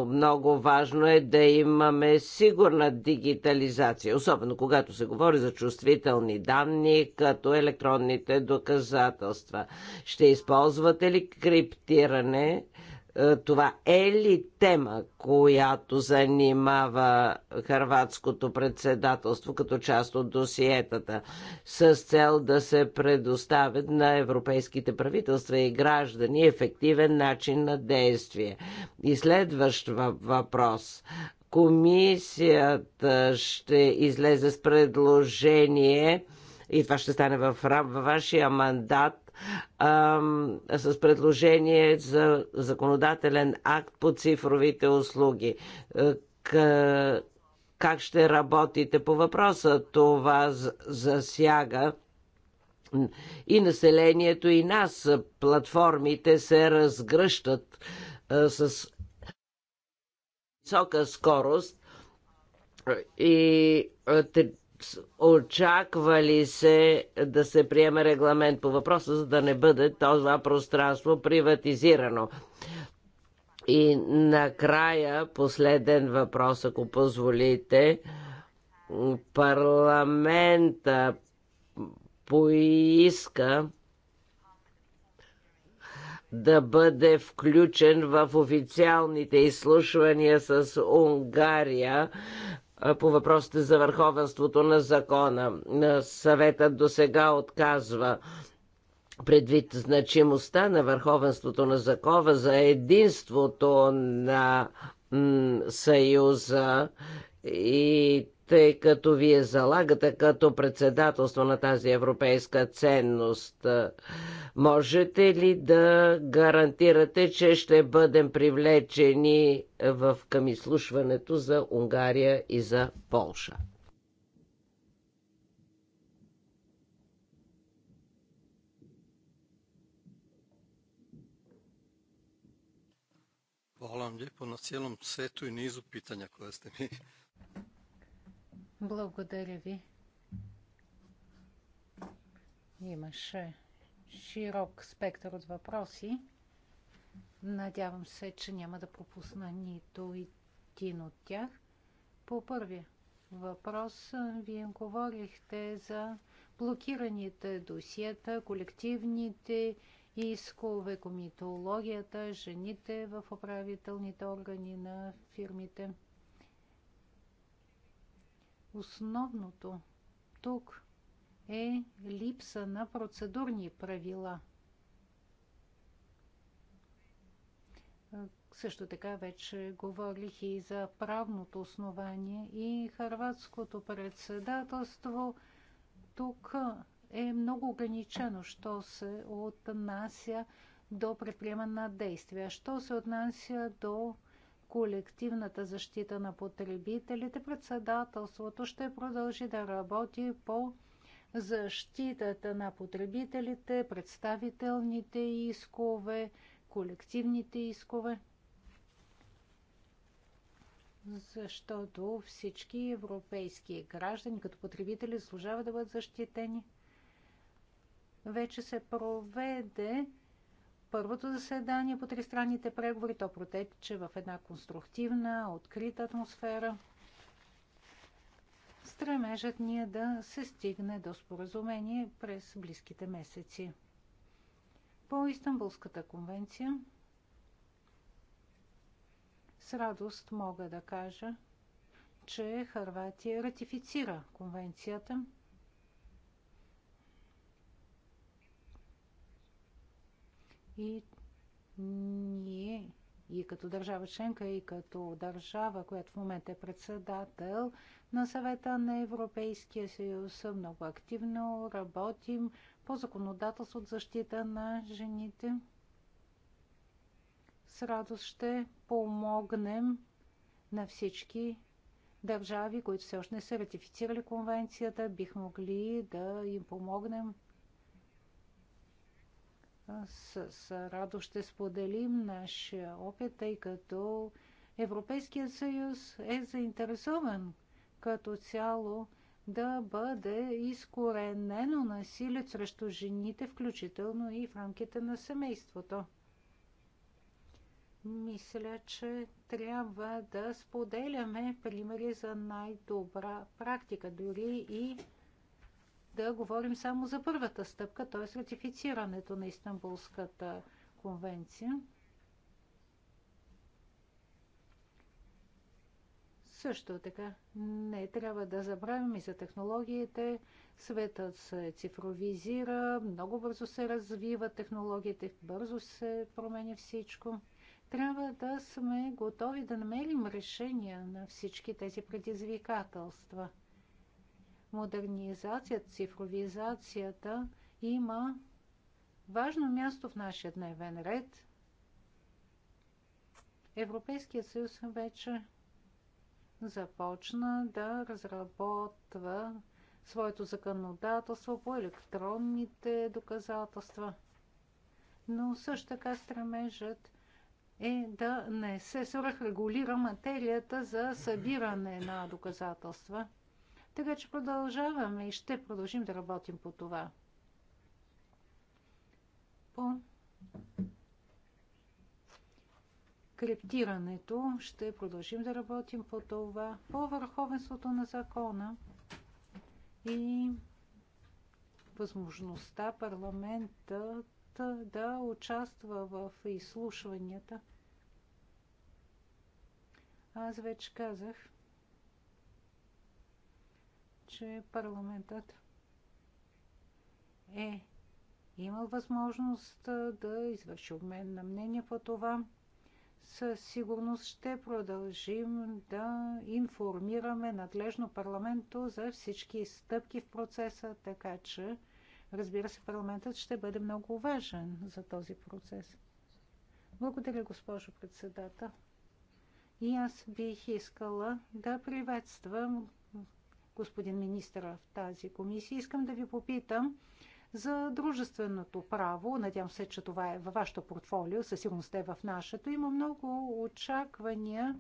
много важно е да имаме сигурна дигитализация, особено когато се говори за чувствителни данни, като електронните доказателства. Ще използвате ли криптиране е, това е ли тема, която занимава хрватското председателство като част от досиетата, с цел да се предоставят на европейските правителства и граждани ефективен начин на действие? И следващ въпрос. Комисията ще излезе с предложение и това ще стане във в вашия мандат а, с предложение за законодателен акт по цифровите услуги. Е, К, Как ще работите по въпроса? Това засяга и населението, и нас. Платформите се разгръщат а, е, с висока скорост и е, очаквали се да се приеме регламент по въпроса, за да не бъде това пространство приватизирано. И накрая последен въпрос, ако позволите. Парламента поиска да бъде включен в официалните изслушвания с Унгария по въпросите за върховенството на закона. Съветът до сега отказва предвид значимостта на върховенството на закона за единството на Съюза и тъй като вие залагате като председателство на тази европейска ценност, можете ли да гарантирате, че ще бъдем привлечени в към изслушването за Унгария и за Полша? Hvala vam lijepo na cijelom setu i nizu pitanja koje ste mi благодаря ви. Имаше широк спектър от въпроси. Надявам се, че няма да пропусна нито един от тях. По първия въпрос вие говорихте за блокираните досиета, колективните искове, комитологията, жените в управителните органи на фирмите – Основното тук е липса на процедурни правила. Също така вече говорих и за правното основание и харватското председателство. Тук е много ограничено, що се отнася до предприема на действия. Що се отнася до колективната защита на потребителите, председателството ще продължи да работи по защитата на потребителите, представителните искове, колективните искове, защото всички европейски граждани като потребители служава да бъдат защитени. Вече се проведе първото заседание по тристранните преговори. То протече в една конструктивна, открита атмосфера. Стремежът ни е да се стигне до споразумение през близките месеци. По Истанбулската конвенция с радост мога да кажа, че Харватия ратифицира конвенцията – И ние и като държава членка, и като държава, която в момента е председател на съвета на Европейския съюз. Много активно работим по законодателство от защита на жените. С радост ще помогнем на всички държави, които все още не са ратифицирали конвенцията. Бих могли да им помогнем с, с радост ще споделим нашия опит, тъй като Европейският съюз е заинтересован като цяло да бъде изкоренено насилие срещу жените, включително и в рамките на семейството. Мисля, че трябва да споделяме примери за най-добра практика, дори и да говорим само за първата стъпка, т.е. ратифицирането на Истанбулската конвенция. Също така не трябва да забравим и за технологиите. Светът се цифровизира, много бързо се развиват технологиите, бързо се променя всичко. Трябва да сме готови да намерим решения на всички тези предизвикателства – модернизацията, цифровизацията има важно място в нашия дневен ред. Европейският съюз вече започна да разработва своето законодателство по електронните доказателства. Но също така стремежът е да не се свръхрегулира материята за събиране на доказателства – така че продължаваме и ще продължим да работим по това. По криптирането ще продължим да работим по това, по върховенството на закона и възможността парламентът да участва в изслушванията. Аз вече казах, че парламентът е имал възможност да извърши обмен на мнение по това. Със сигурност ще продължим да информираме надлежно парламенто за всички стъпки в процеса, така че, разбира се, парламентът ще бъде много важен за този процес. Благодаря, госпожо председател. И аз бих искала да приветствам господин министър, в тази комисия. Искам да ви попитам за дружественото право. Надявам се, че това е във вашето портфолио, със сигурност е в нашето. Има много очаквания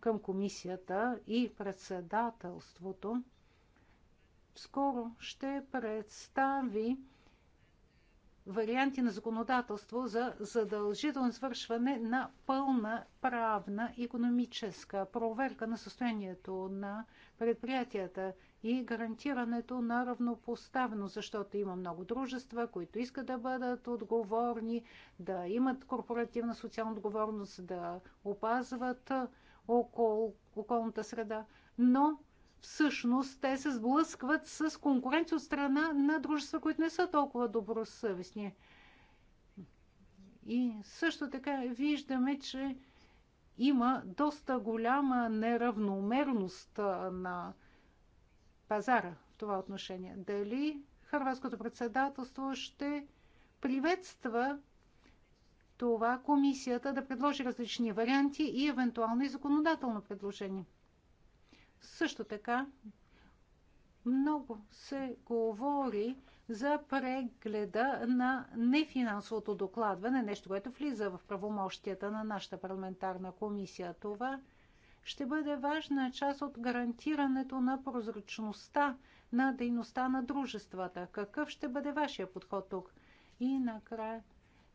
към комисията и председателството. Скоро ще представи варианти на законодателство за задължително свършване на пълна правна економическа проверка на състоянието на предприятията и гарантирането на равнопоставено, защото има много дружества, които искат да бъдат отговорни, да имат корпоративна социална отговорност, да опазват около, околната среда, но всъщност те се сблъскват с конкуренция от страна на дружества, които не са толкова добросъвестни. И също така виждаме, че има доста голяма неравномерност на пазара в това отношение. Дали Хрватското председателство ще приветства това комисията да предложи различни варианти и евентуално и законодателно предложение. Също така много се говори за прегледа на нефинансовото докладване, нещо, което влиза в правомощията на нашата парламентарна комисия. Това ще бъде важна част от гарантирането на прозрачността на дейността на дружествата. Какъв ще бъде вашия подход тук? И накрая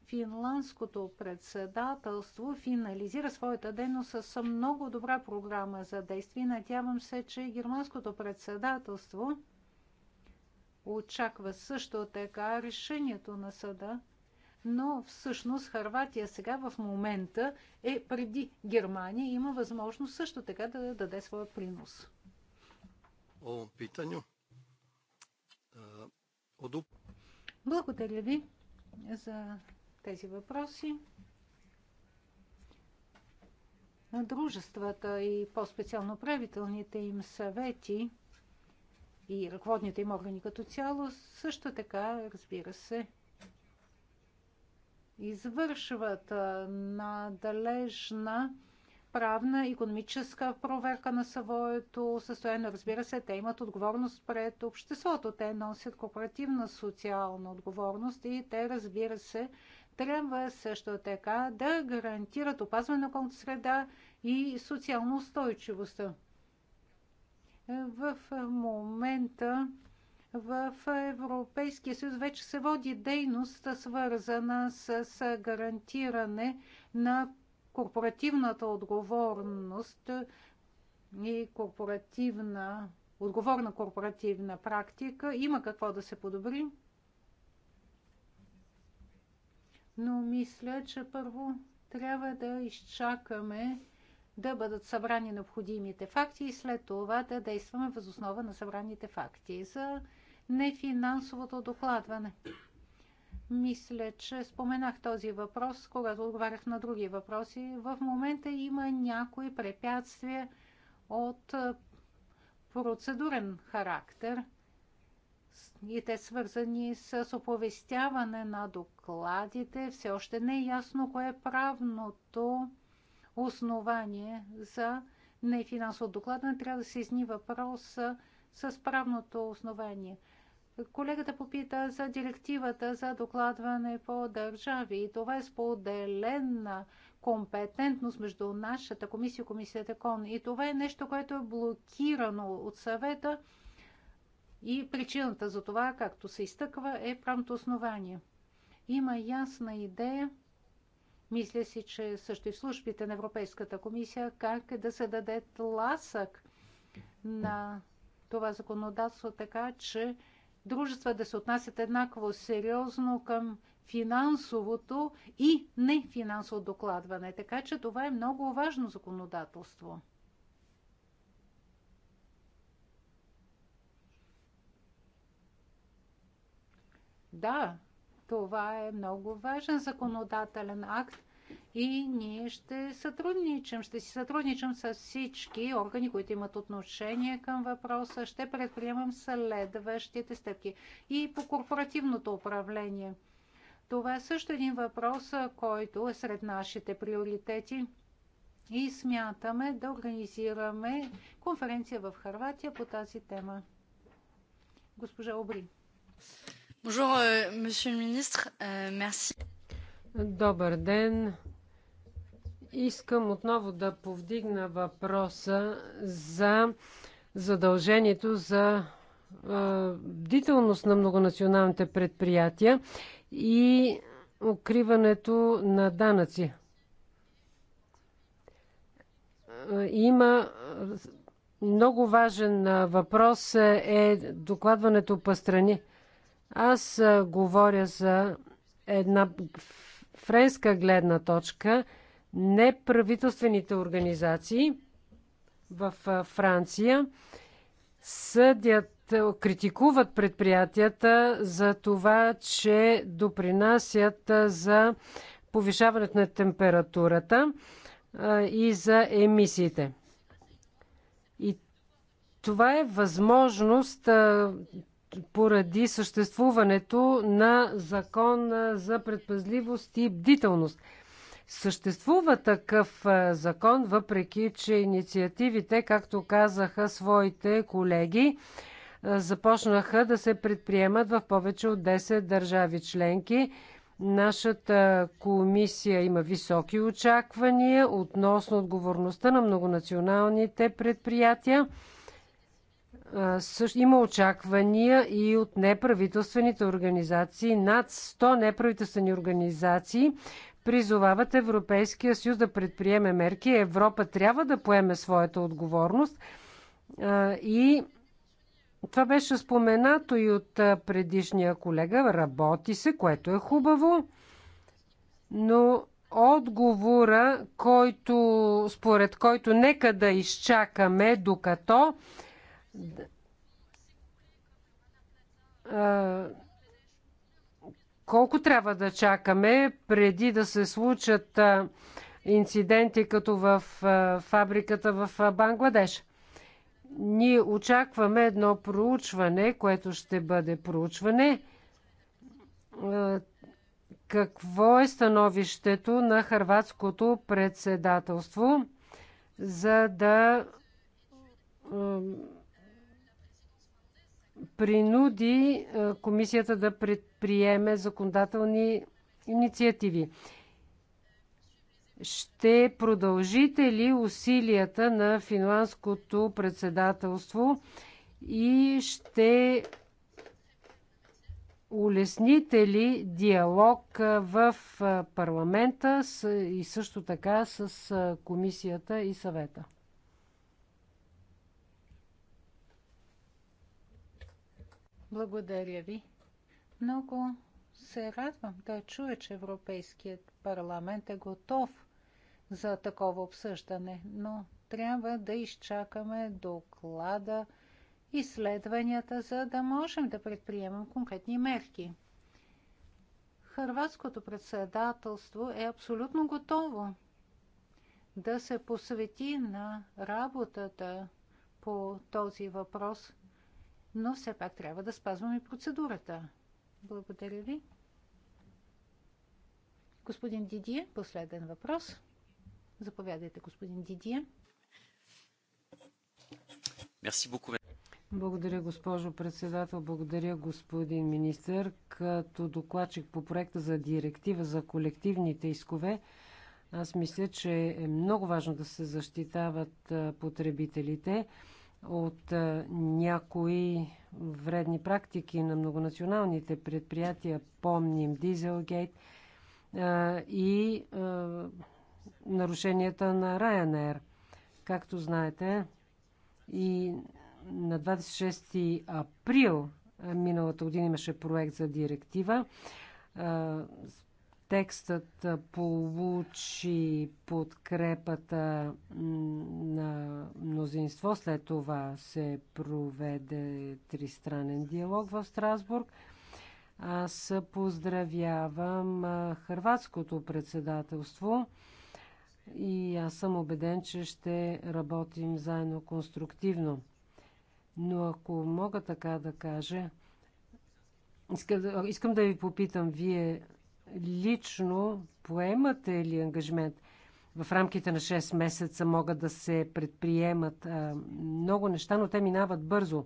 финландското председателство финализира своята дейност с много добра програма за действие. Надявам се, че германското председателство очаква също така решението на съда, но всъщност Харватия сега в момента е преди Германия и има възможност също така да даде своя принос. О питаню. Благодаря ви за тези въпроси. На дружествата и по-специално правителните им съвети и ръководните им органи като цяло също така, разбира се, извършват надлежна правна, економическа проверка на своето състояние. Разбира се, те имат отговорност пред обществото. Те носят корпоративна социална отговорност и те, разбира се, трябва също така да гарантират опазване на околната среда и социална устойчивост. В момента в Европейския съюз вече се води дейност, свързана с гарантиране на корпоративната отговорност и корпоративна, отговорна корпоративна практика. Има какво да се подобри. но мисля, че първо трябва да изчакаме да бъдат събрани необходимите факти и след това да действаме въз основа на събраните факти. За нефинансовото докладване. Мисля, че споменах този въпрос, когато отговарях на други въпроси. В момента има някои препятствия от процедурен характер и те свързани с оповестяване на докладите. Все още не е ясно кое е правното основание за нефинансово докладване. Трябва да се изни въпрос с правното основание. Колегата попита за директивата за докладване по държави и това е споделена компетентност между нашата комисия и комисията КОН. И това е нещо, което е блокирано от съвета и причината за това, както се изтъква, е правното основание. Има ясна идея, мисля си, че също и в службите на Европейската комисия, как е да се даде тласък на това законодателство, така че дружества да се отнасят еднакво сериозно към финансовото и нефинансово докладване. Така че това е много важно законодателство. Да, това е много важен законодателен акт и ние ще сътрудничим, ще си сътрудничим с всички органи, които имат отношение към въпроса, ще предприемам следващите стъпки. И по корпоративното управление. Това е също един въпрос, който е сред нашите приоритети и смятаме да организираме конференция в Харватия по тази тема. Госпожа Обри. Euh, euh, Добър ден. Искам отново да повдигна въпроса за задължението за е, бдителност на многонационалните предприятия и укриването на данъци. Е, има е, много важен въпрос е докладването по страни. Аз говоря за една френска гледна точка. Неправителствените организации в Франция съдят, критикуват предприятията за това, че допринасят за повишаването на температурата и за емисиите. И това е възможност поради съществуването на закон за предпазливост и бдителност. Съществува такъв е, закон, въпреки че инициативите, както казаха своите колеги, е, започнаха да се предприемат в повече от 10 държави членки. Нашата комисия има високи очаквания относно отговорността на многонационалните предприятия също има очаквания и от неправителствените организации. Над 100 неправителствени организации призовават Европейския съюз да предприеме мерки. Европа трябва да поеме своята отговорност и това беше споменато и от предишния колега. Работи се, което е хубаво, но отговора, който, според който нека да изчакаме, докато колко трябва да чакаме преди да се случат инциденти като в фабриката в Бангладеш? Ние очакваме едно проучване, което ще бъде проучване. Какво е становището на Харватското председателство, за да принуди е, комисията да предприеме законодателни инициативи. Ще продължите ли усилията на финландското председателство и ще улесните ли диалог е, в е, парламента и също така с комисията и съвета? Благодаря ви. Много се радвам да чуя, че Европейският парламент е готов за такова обсъждане, но трябва да изчакаме доклада, изследванията, за да можем да предприемем конкретни мерки. Хрватското председателство е абсолютно готово да се посвети на работата по този въпрос – но все пак трябва да спазваме процедурата. Благодаря ви. Господин Дидие, последен въпрос. Заповядайте, господин Дидие. Мерси Благодаря, госпожо председател. Благодаря, господин министър. Като докладчик по проекта за директива за колективните искове, аз мисля, че е много важно да се защитават потребителите от някои вредни практики на многонационалните предприятия. Помним Дизелгейт и нарушенията на Ryanair. Както знаете, и на 26 април миналата година имаше проект за директива Текстът получи подкрепата на мнозинство. След това се проведе тристранен диалог в Страсбург. Аз поздравявам хрватското председателство и аз съм убеден, че ще работим заедно конструктивно. Но ако мога така да кажа, искам да ви попитам, вие лично поемате ли ангажмент? В рамките на 6 месеца могат да се предприемат много неща, но те минават бързо.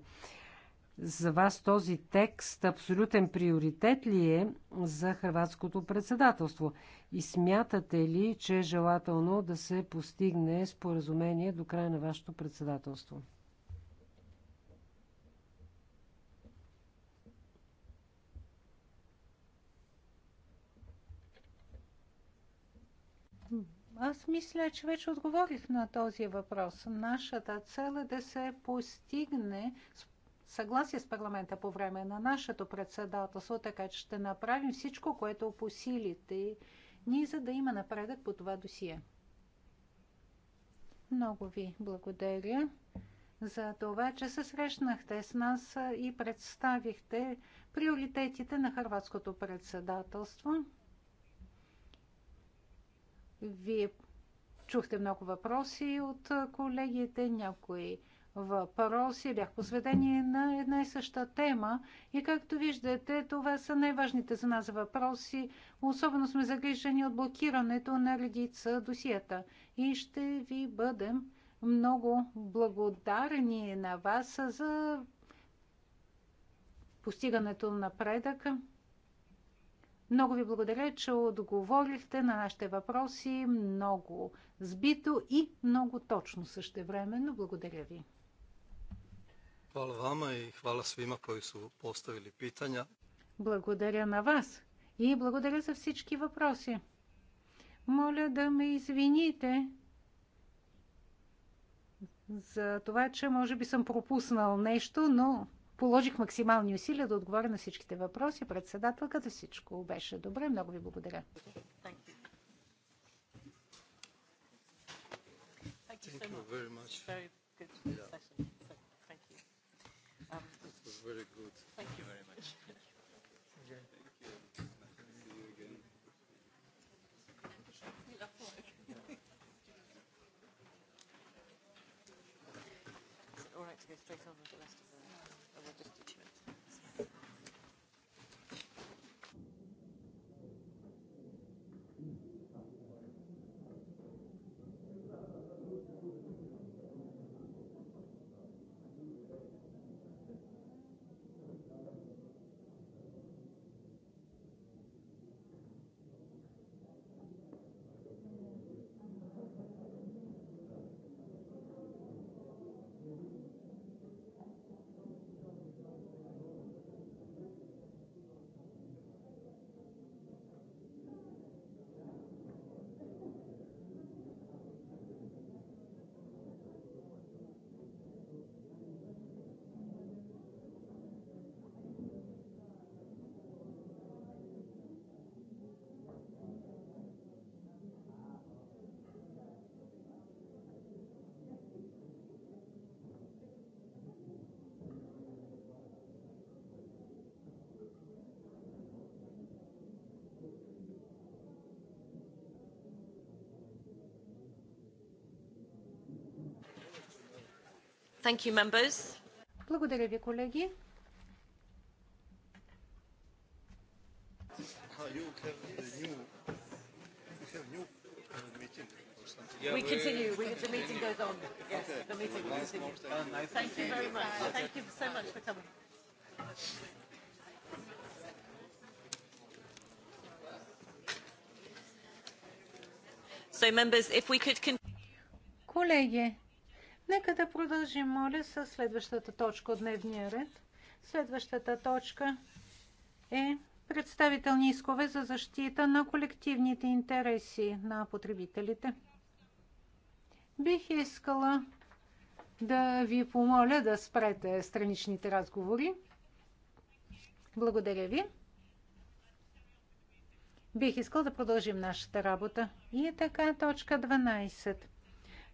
За вас този текст абсолютен приоритет ли е за хрватското председателство? И смятате ли, че е желателно да се постигне споразумение до края на вашето председателство? Аз мисля, че вече отговорих на този въпрос. Нашата цел е да се постигне съгласие с парламента по време на нашето председателство, така че ще направим всичко, което е посилите, ни, за да има напредък по това досие. Много ви благодаря за това, че се срещнахте с нас и представихте приоритетите на хрватското председателство. Вие чухте много въпроси от колегите, някои въпроси бях посветени на една и съща тема. И както виждате, това са най-важните за нас въпроси. Особено сме загрижени от блокирането на редица досията. И ще ви бъдем много благодарни на вас за постигането на напредък. Много ви благодаря, че отговорихте на нашите въпроси много сбито и много точно същевременно. Благодаря ви. Хвала vama и хвала свима, кои са поставили питания. Благодаря на вас и благодаря за всички въпроси. Моля да ме извините за това, че може би съм пропуснал нещо, но положих максимални усилия да отговоря на всичките въпроси. Председателката всичко беше добре. Много ви благодаря. Thank you. You, Благодаря ви, колеги. We continue. We, the meeting goes on. Yes, okay. the meeting will continue. Thank you very much. Thank you so much for coming. So, members, if we could. Колеги, Нека да продължим, моля, с следващата точка от дневния ред. Следващата точка е представителни искове за защита на колективните интереси на потребителите. Бих искала да ви помоля да спрете страничните разговори. Благодаря ви. Бих искал да продължим нашата работа. И е така, точка 12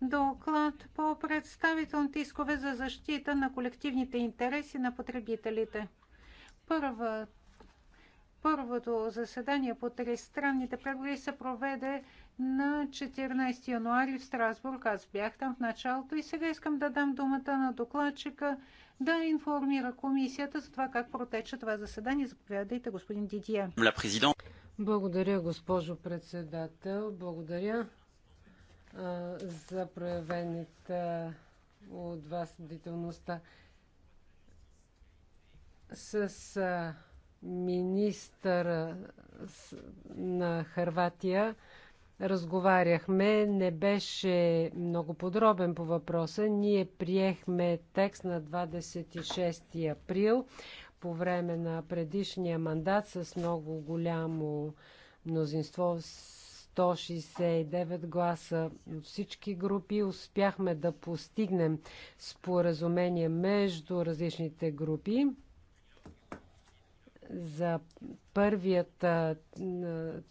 доклад по представителните искове за защита на колективните интереси на потребителите. Първа, първото заседание по тристранните преговори се проведе на 14 януари в Страсбург. Аз бях там в началото и сега искам да дам думата на докладчика да информира комисията за това как протече това заседание. Заповядайте, господин Дидия. Благодаря, госпожо председател. Благодаря за проявената от вас бдителността. С министъра на Харватия разговаряхме. Не беше много подробен по въпроса. Ние приехме текст на 26 април по време на предишния мандат с много голямо мнозинство. 169 гласа от всички групи. Успяхме да постигнем споразумение между различните групи за първият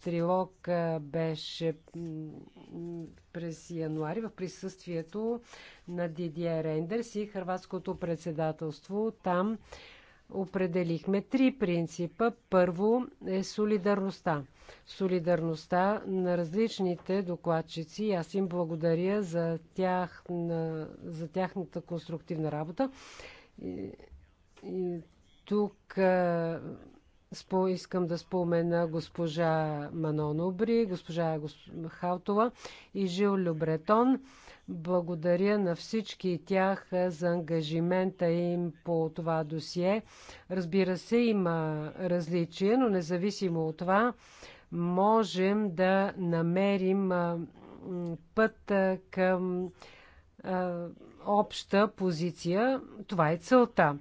трилог беше през януари в присъствието на Дидия Рендерс и Хрватското председателство. Там определихме три принципа. Първо е солидарността. Солидарността на различните докладчици. Аз им благодаря за, тях, за тяхната конструктивна работа. И, и тук а, спо, искам да спомена госпожа Манон Обри, госпожа Хаутова и Жил Любретон. Благодаря на всички тях за ангажимента им по това досие. Разбира се, има различия, но независимо от това, можем да намерим път към обща позиция. Това е целта.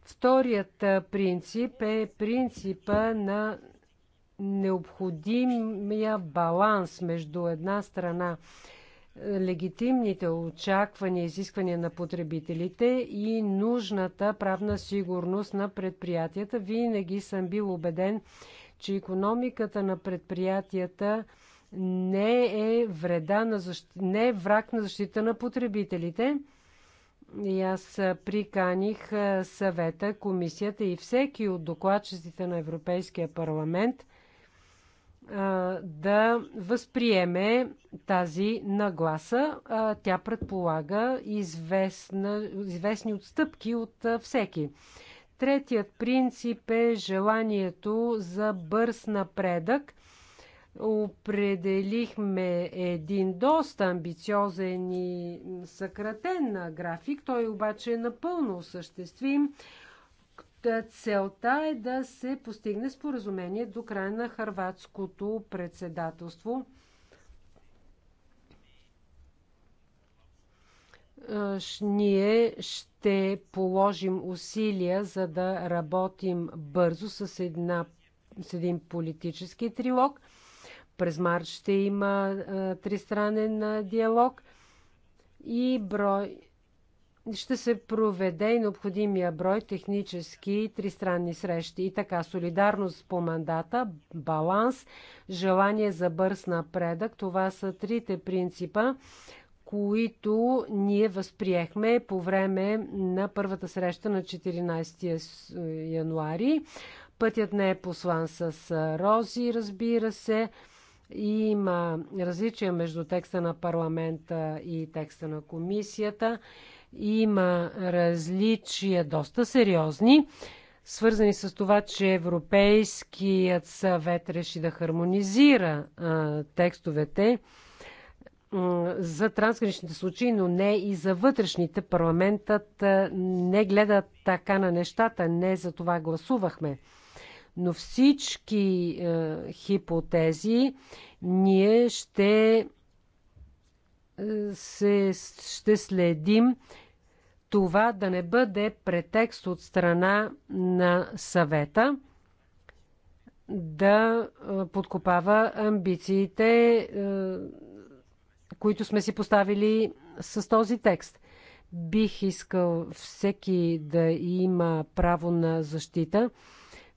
Вторият принцип е принципа на необходимия баланс между една страна легитимните очаквания и изисквания на потребителите и нужната правна сигурност на предприятията. Винаги съм бил убеден, че економиката на предприятията не е, вреда на защ... не е враг на защита на потребителите. И аз приканих съвета, комисията и всеки от докладчиците на Европейския парламент – да възприеме тази нагласа. Тя предполага известна, известни отстъпки от всеки. Третият принцип е желанието за бърз напредък. Определихме един доста амбициозен и съкратен график, той обаче е напълно осъществим. Целта е да се постигне споразумение до края на хърватското председателство. Ние ще положим усилия, за да работим бързо с, една, с един политически трилог. През март ще има тристранен диалог и брой ще се проведе и необходимия брой технически тристранни срещи. И така, солидарност по мандата, баланс, желание за бърз напредък, това са трите принципа, които ние възприехме по време на първата среща на 14 януари. Пътят не е послан с рози, разбира се. И има различия между текста на парламента и текста на комисията. Има различия доста сериозни, свързани с това, че Европейският съвет реши да хармонизира а, текстовете за трансграничните случаи, но не и за вътрешните. Парламентът не гледа така на нещата, не за това гласувахме. Но всички е, хипотези ние ще се, ще следим това да не бъде претекст от страна на съвета да подкопава амбициите, които сме си поставили с този текст. Бих искал всеки да има право на защита.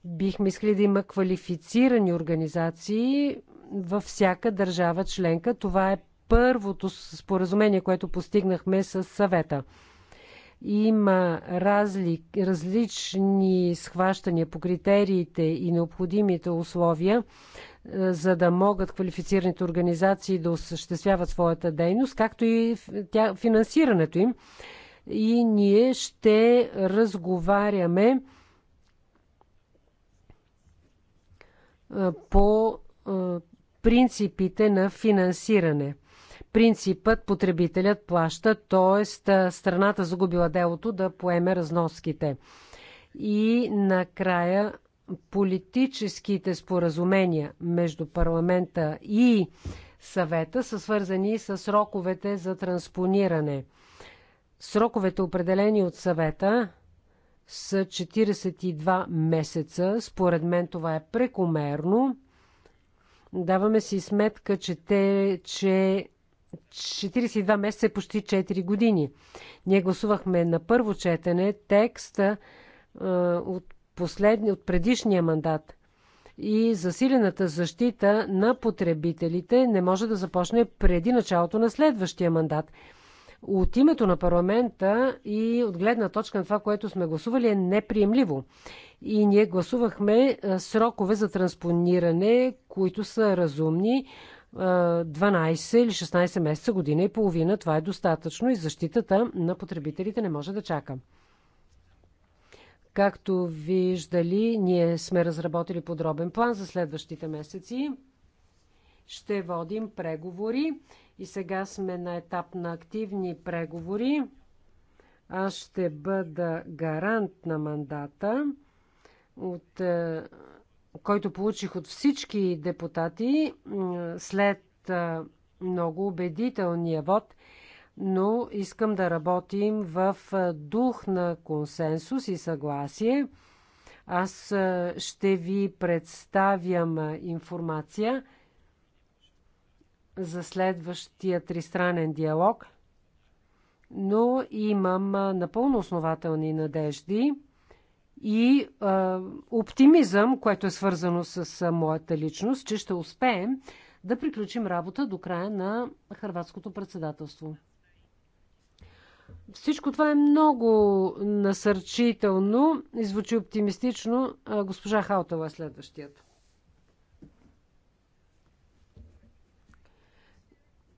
Бихме искали да има квалифицирани организации във всяка държава членка. Това е първото споразумение, което постигнахме с съвета. Има разлик, различни схващания по критериите и необходимите условия, е, за да могат квалифицираните организации да осъществяват своята дейност, както и тя, финансирането им. И ние ще разговаряме е, по е, принципите на финансиране принципът потребителят плаща, т.е. страната загубила делото да поеме разноските. И накрая политическите споразумения между парламента и съвета са свързани с сроковете за транспониране. Сроковете, определени от съвета, са 42 месеца. Според мен това е прекомерно. Даваме си сметка, че, те, че 42 месеца е почти 4 години. Ние гласувахме на първо четене текста от, последни, от предишния мандат и засилената защита на потребителите не може да започне преди началото на следващия мандат. От името на парламента и от гледна точка на това, което сме гласували, е неприемливо. И ние гласувахме срокове за транспониране, които са разумни, 12 или 16 месеца, година и половина. Това е достатъчно и защитата на потребителите не може да чака. Както виждали, ние сме разработили подробен план за следващите месеци. Ще водим преговори и сега сме на етап на активни преговори. Аз ще бъда гарант на мандата от е, който получих от всички депутати след много убедителния вод, но искам да работим в дух на консенсус и съгласие. Аз ще ви представям информация за следващия тристранен диалог, но имам напълно основателни надежди – и а, оптимизъм, което е свързано с а, моята личност, че ще успеем да приключим работа до края на хрватското председателство. Всичко това е много насърчително, звучи оптимистично. А, госпожа Хаутова е следващият.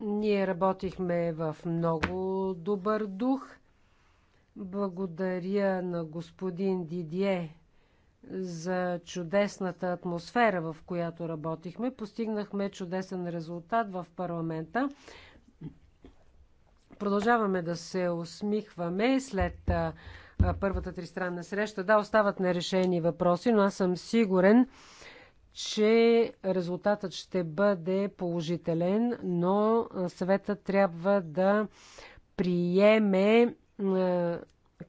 Ние работихме в много добър дух – благодаря на господин Дидие за чудесната атмосфера, в която работихме. Постигнахме чудесен резултат в парламента. Продължаваме да се усмихваме след първата тристранна среща. Да, остават нерешени въпроси, но аз съм сигурен, че резултатът ще бъде положителен, но съветът трябва да приеме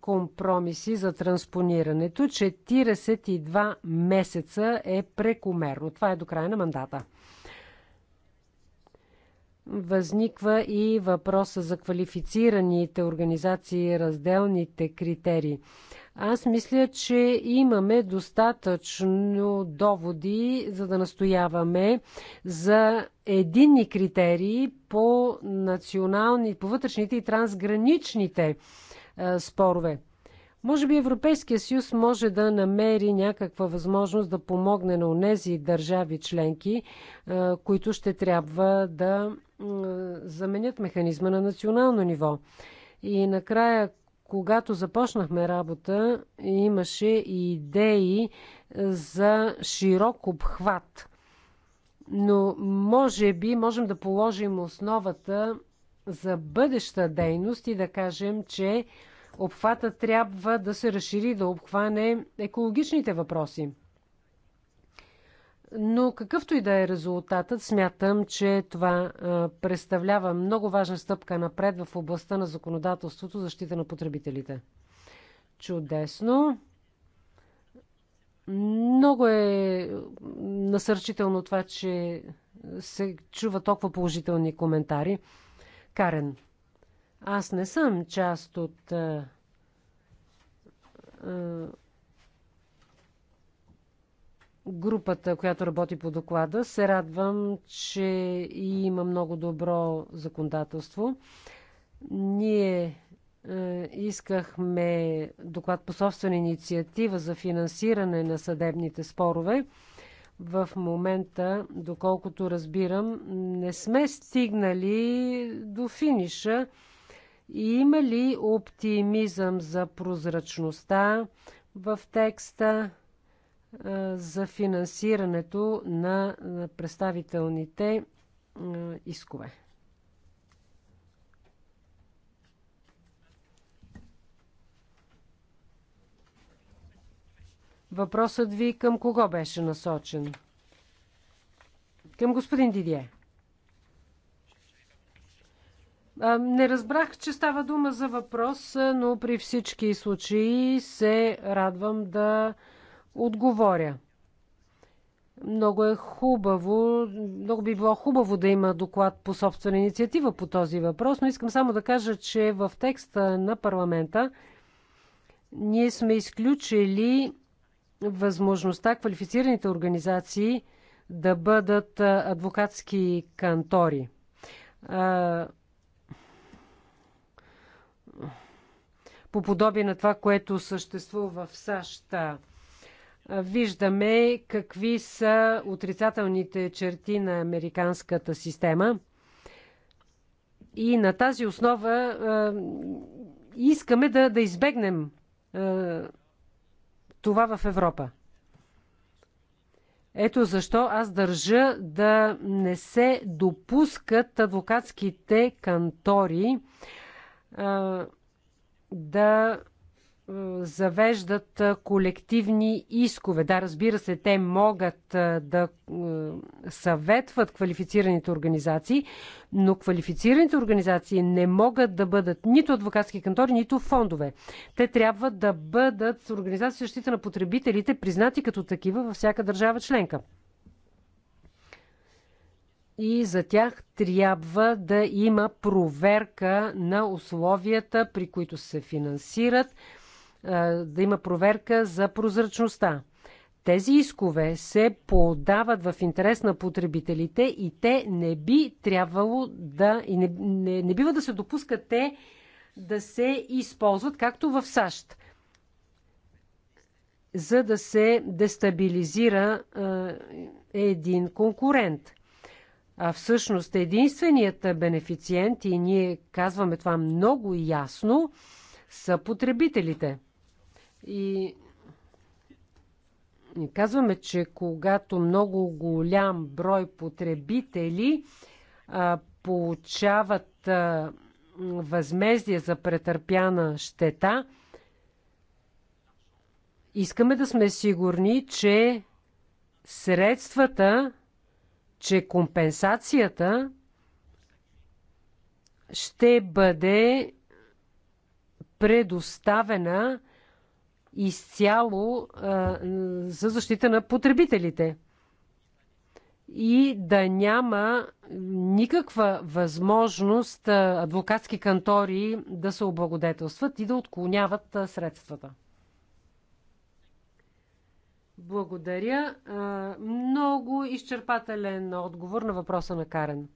компромиси за транспонирането. 42 месеца е прекомерно. Това е до края на мандата. Възниква и въпроса за квалифицираните организации и разделните критерии. Аз мисля, че имаме достатъчно доводи, за да настояваме за единни критерии по национални, по вътрешните и трансграничните е, спорове. Може би Европейския съюз може да намери някаква възможност да помогне на онези държави членки, е, които ще трябва да заменят механизма на национално ниво. И накрая когато започнахме работа, имаше и идеи за широк обхват. Но може би можем да положим основата за бъдеща дейност и да кажем, че обхвата трябва да се разшири, да обхване екологичните въпроси. Но какъвто и да е резултатът, смятам, че това представлява много важна стъпка напред в областта на законодателството защита на потребителите. Чудесно! Много е насърчително това, че се чува толкова положителни коментари. Карен, аз не съм част от групата, която работи по доклада. Се радвам, че има много добро законодателство. Ние е, искахме доклад по собствена инициатива за финансиране на съдебните спорове. В момента, доколкото разбирам, не сме стигнали до финиша. И има ли оптимизъм за прозрачността в текста? за финансирането на представителните искове. Въпросът ви към кого беше насочен? Към господин Дидие. Не разбрах, че става дума за въпрос, но при всички случаи се радвам да отговоря. Много е хубаво, много би било хубаво да има доклад по собствена инициатива по този въпрос, но искам само да кажа, че в текста на парламента ние сме изключили възможността квалифицираните организации да бъдат адвокатски кантори. По подобие на това, което съществува в САЩ виждаме какви са отрицателните черти на американската система. И на тази основа е, искаме да, да избегнем е, това в Европа. Ето защо аз държа да не се допускат адвокатските кантори е, да завеждат колективни искове. Да, разбира се, те могат да съветват квалифицираните организации, но квалифицираните организации не могат да бъдат нито адвокатски кантори, нито фондове. Те трябва да бъдат организации защита на потребителите, признати като такива във всяка държава членка. И за тях трябва да има проверка на условията, при които се финансират, да има проверка за прозрачността. Тези искове се подават в интерес на потребителите и те не би трябвало да. и не, не, не бива да се допускат те да се използват, както в САЩ, за да се дестабилизира е, един конкурент. А всъщност единственият бенефициент, и ние казваме това много ясно, са потребителите. И казваме, че когато много голям брой потребители а, получават а, възмездие за претърпяна щета, искаме да сме сигурни, че средствата, че компенсацията ще бъде предоставена изцяло за защита на потребителите и да няма никаква възможност адвокатски кантори да се облагодетелстват и да отклоняват средствата. Благодаря. Много изчерпателен отговор на въпроса на Карен.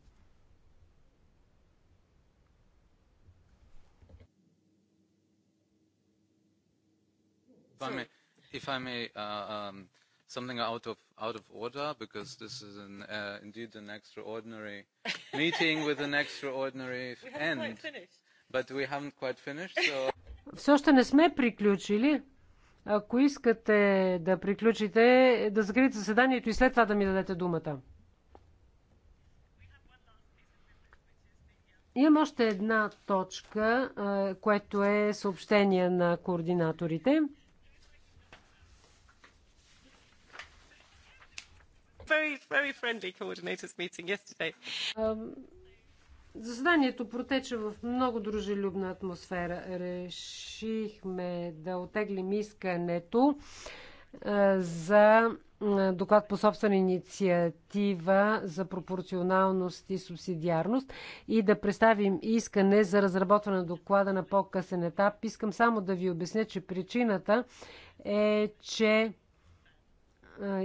I may, if I may uh, um, something out of out of order because this is an uh, indeed an extraordinary meeting with an extraordinary end. Quite finished. But we haven't quite finished, so. Все още не сме приключили. Ако искате да приключите, да закриете заседанието и след това да ми дадете думата. Имам още една точка, което е съобщение на координаторите. Very, very friendly coordinators meeting yesterday. Заседанието протече в много дружелюбна атмосфера. Решихме да отеглим искането за доклад по собствена инициатива за пропорционалност и субсидиарност и да представим искане за разработване на доклада на по-късен етап. Искам само да ви обясня, че причината е, че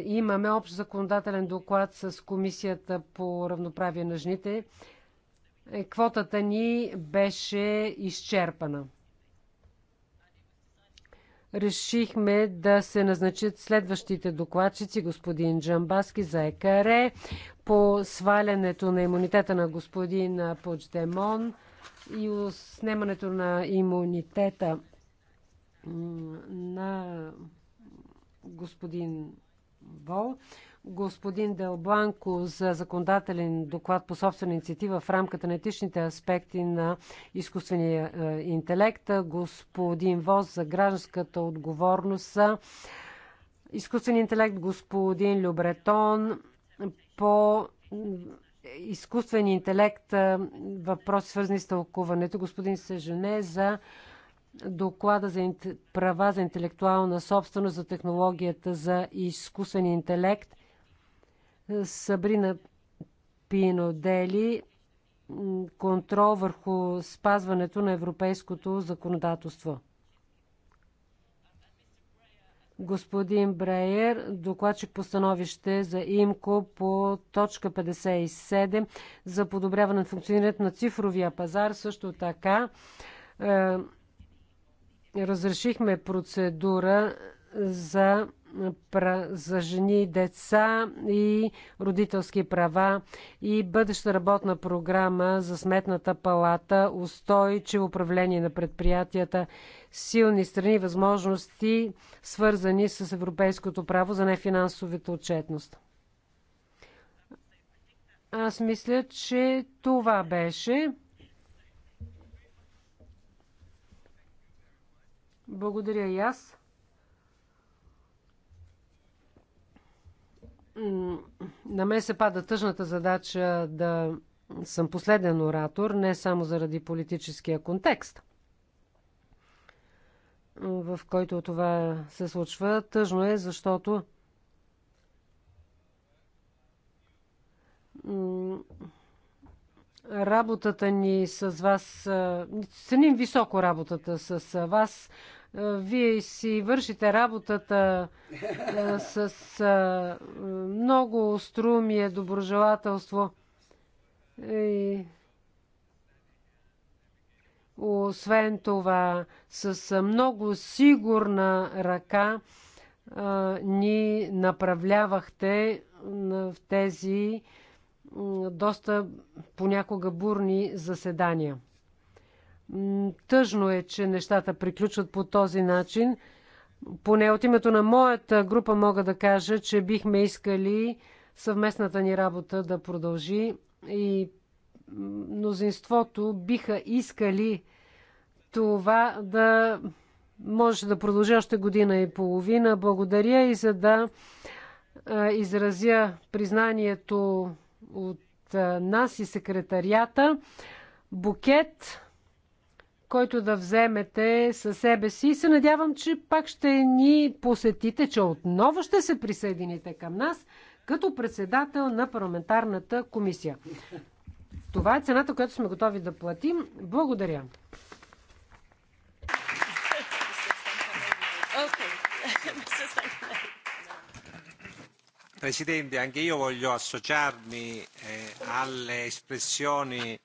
имаме общ законодателен доклад с Комисията по равноправие на жените. Е, квотата ни беше изчерпана. Решихме да се назначат следващите докладчици, господин Джамбаски за ЕКРЕ, по свалянето на имунитета на господин Почдемон и снемането на имунитета на господин Бол, господин Делбланко за законодателен доклад по собствена инициатива в рамката на етичните аспекти на изкуствения е, интелект, господин Воз за гражданската отговорност за изкуствен интелект, господин Любретон по изкуствен интелект, е, въпроси свързани с тълкуването, господин Сежене за доклада за права за интелектуална собственост за технологията за изкуствен интелект. Сабрина Пинодели контрол върху спазването на европейското законодателство. Господин Бреер, докладчик по становище за ИМКО по точка 57 за подобряване на функционирането на цифровия пазар. Също така е, разрешихме процедура за, за жени и деца и родителски права и бъдеща работна програма за сметната палата, устойчиво управление на предприятията, силни страни, възможности, свързани с европейското право за нефинансовата отчетност. Аз мисля, че това беше. Благодаря и аз. На мен се пада тъжната задача да съм последен оратор, не само заради политическия контекст, в който това се случва. Тъжно е, защото работата ни с вас, ценим високо работата с вас. Е, вие си вършите работата е, с е, много струмие доброжелателство. И освен това, с много сигурна ръка а, ни направлявахте в тези доста понякога бурни заседания. Тъжно е, че нещата приключват по този начин. Поне от името на моята група мога да кажа, че бихме искали съвместната ни работа да продължи и мнозинството биха искали това да може да продължи още година и половина. Благодаря и за да изразя признанието от нас и секретарията. Букет който да вземете със себе си. И се надявам, че пак ще ни посетите, че отново ще се присъедините към нас като председател на парламентарната комисия. Това е цената, която сме готови да платим. Благодаря. Presidente, anche io voglio associarmi eh, alle espressioni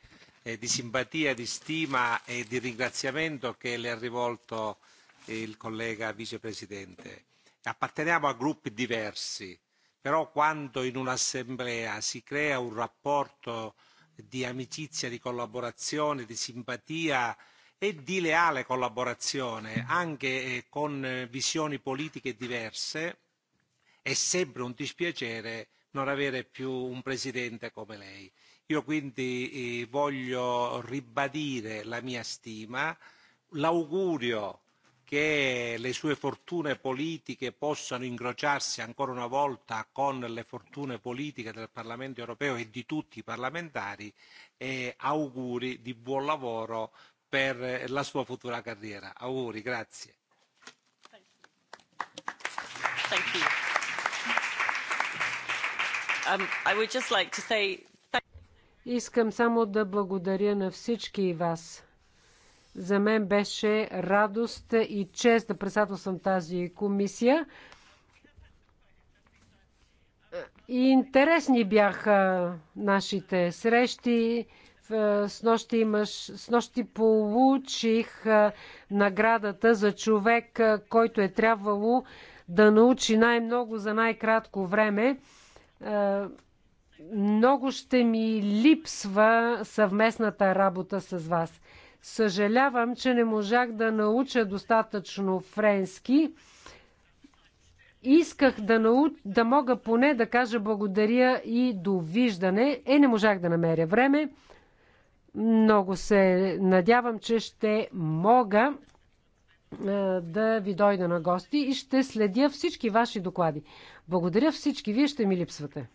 eh, di simpatia, di stima e di ringraziamento che le ha rivolto il collega vicepresidente. Apparteniamo a gruppi diversi, però quando in un'assemblea si crea un rapporto di amicizia, di collaborazione, di simpatia e di leale collaborazione anche con visioni politiche diverse, è sempre un dispiacere non avere più un presidente come lei. Io quindi voglio ribadire la mia stima, l'augurio che le sue fortune politiche possano incrociarsi ancora una volta con le fortune politiche del Parlamento europeo e di tutti i parlamentari e auguri di buon lavoro per la sua futura carriera. Auguri, grazie. Thank you. Um, I would just like to say Искам само да благодаря на всички вас. За мен беше радост и чест да председателствам тази комисия. И интересни бяха нашите срещи. С нощи, имаш, с нощи получих наградата за човек, който е трябвало да научи най-много за най-кратко време много ще ми липсва съвместната работа с вас. Съжалявам, че не можах да науча достатъчно френски. Исках да, нау... да мога поне да кажа благодаря и довиждане. Е, не можах да намеря време. Много се надявам, че ще мога е, да ви дойда на гости и ще следя всички ваши доклади. Благодаря всички, вие ще ми липсвате.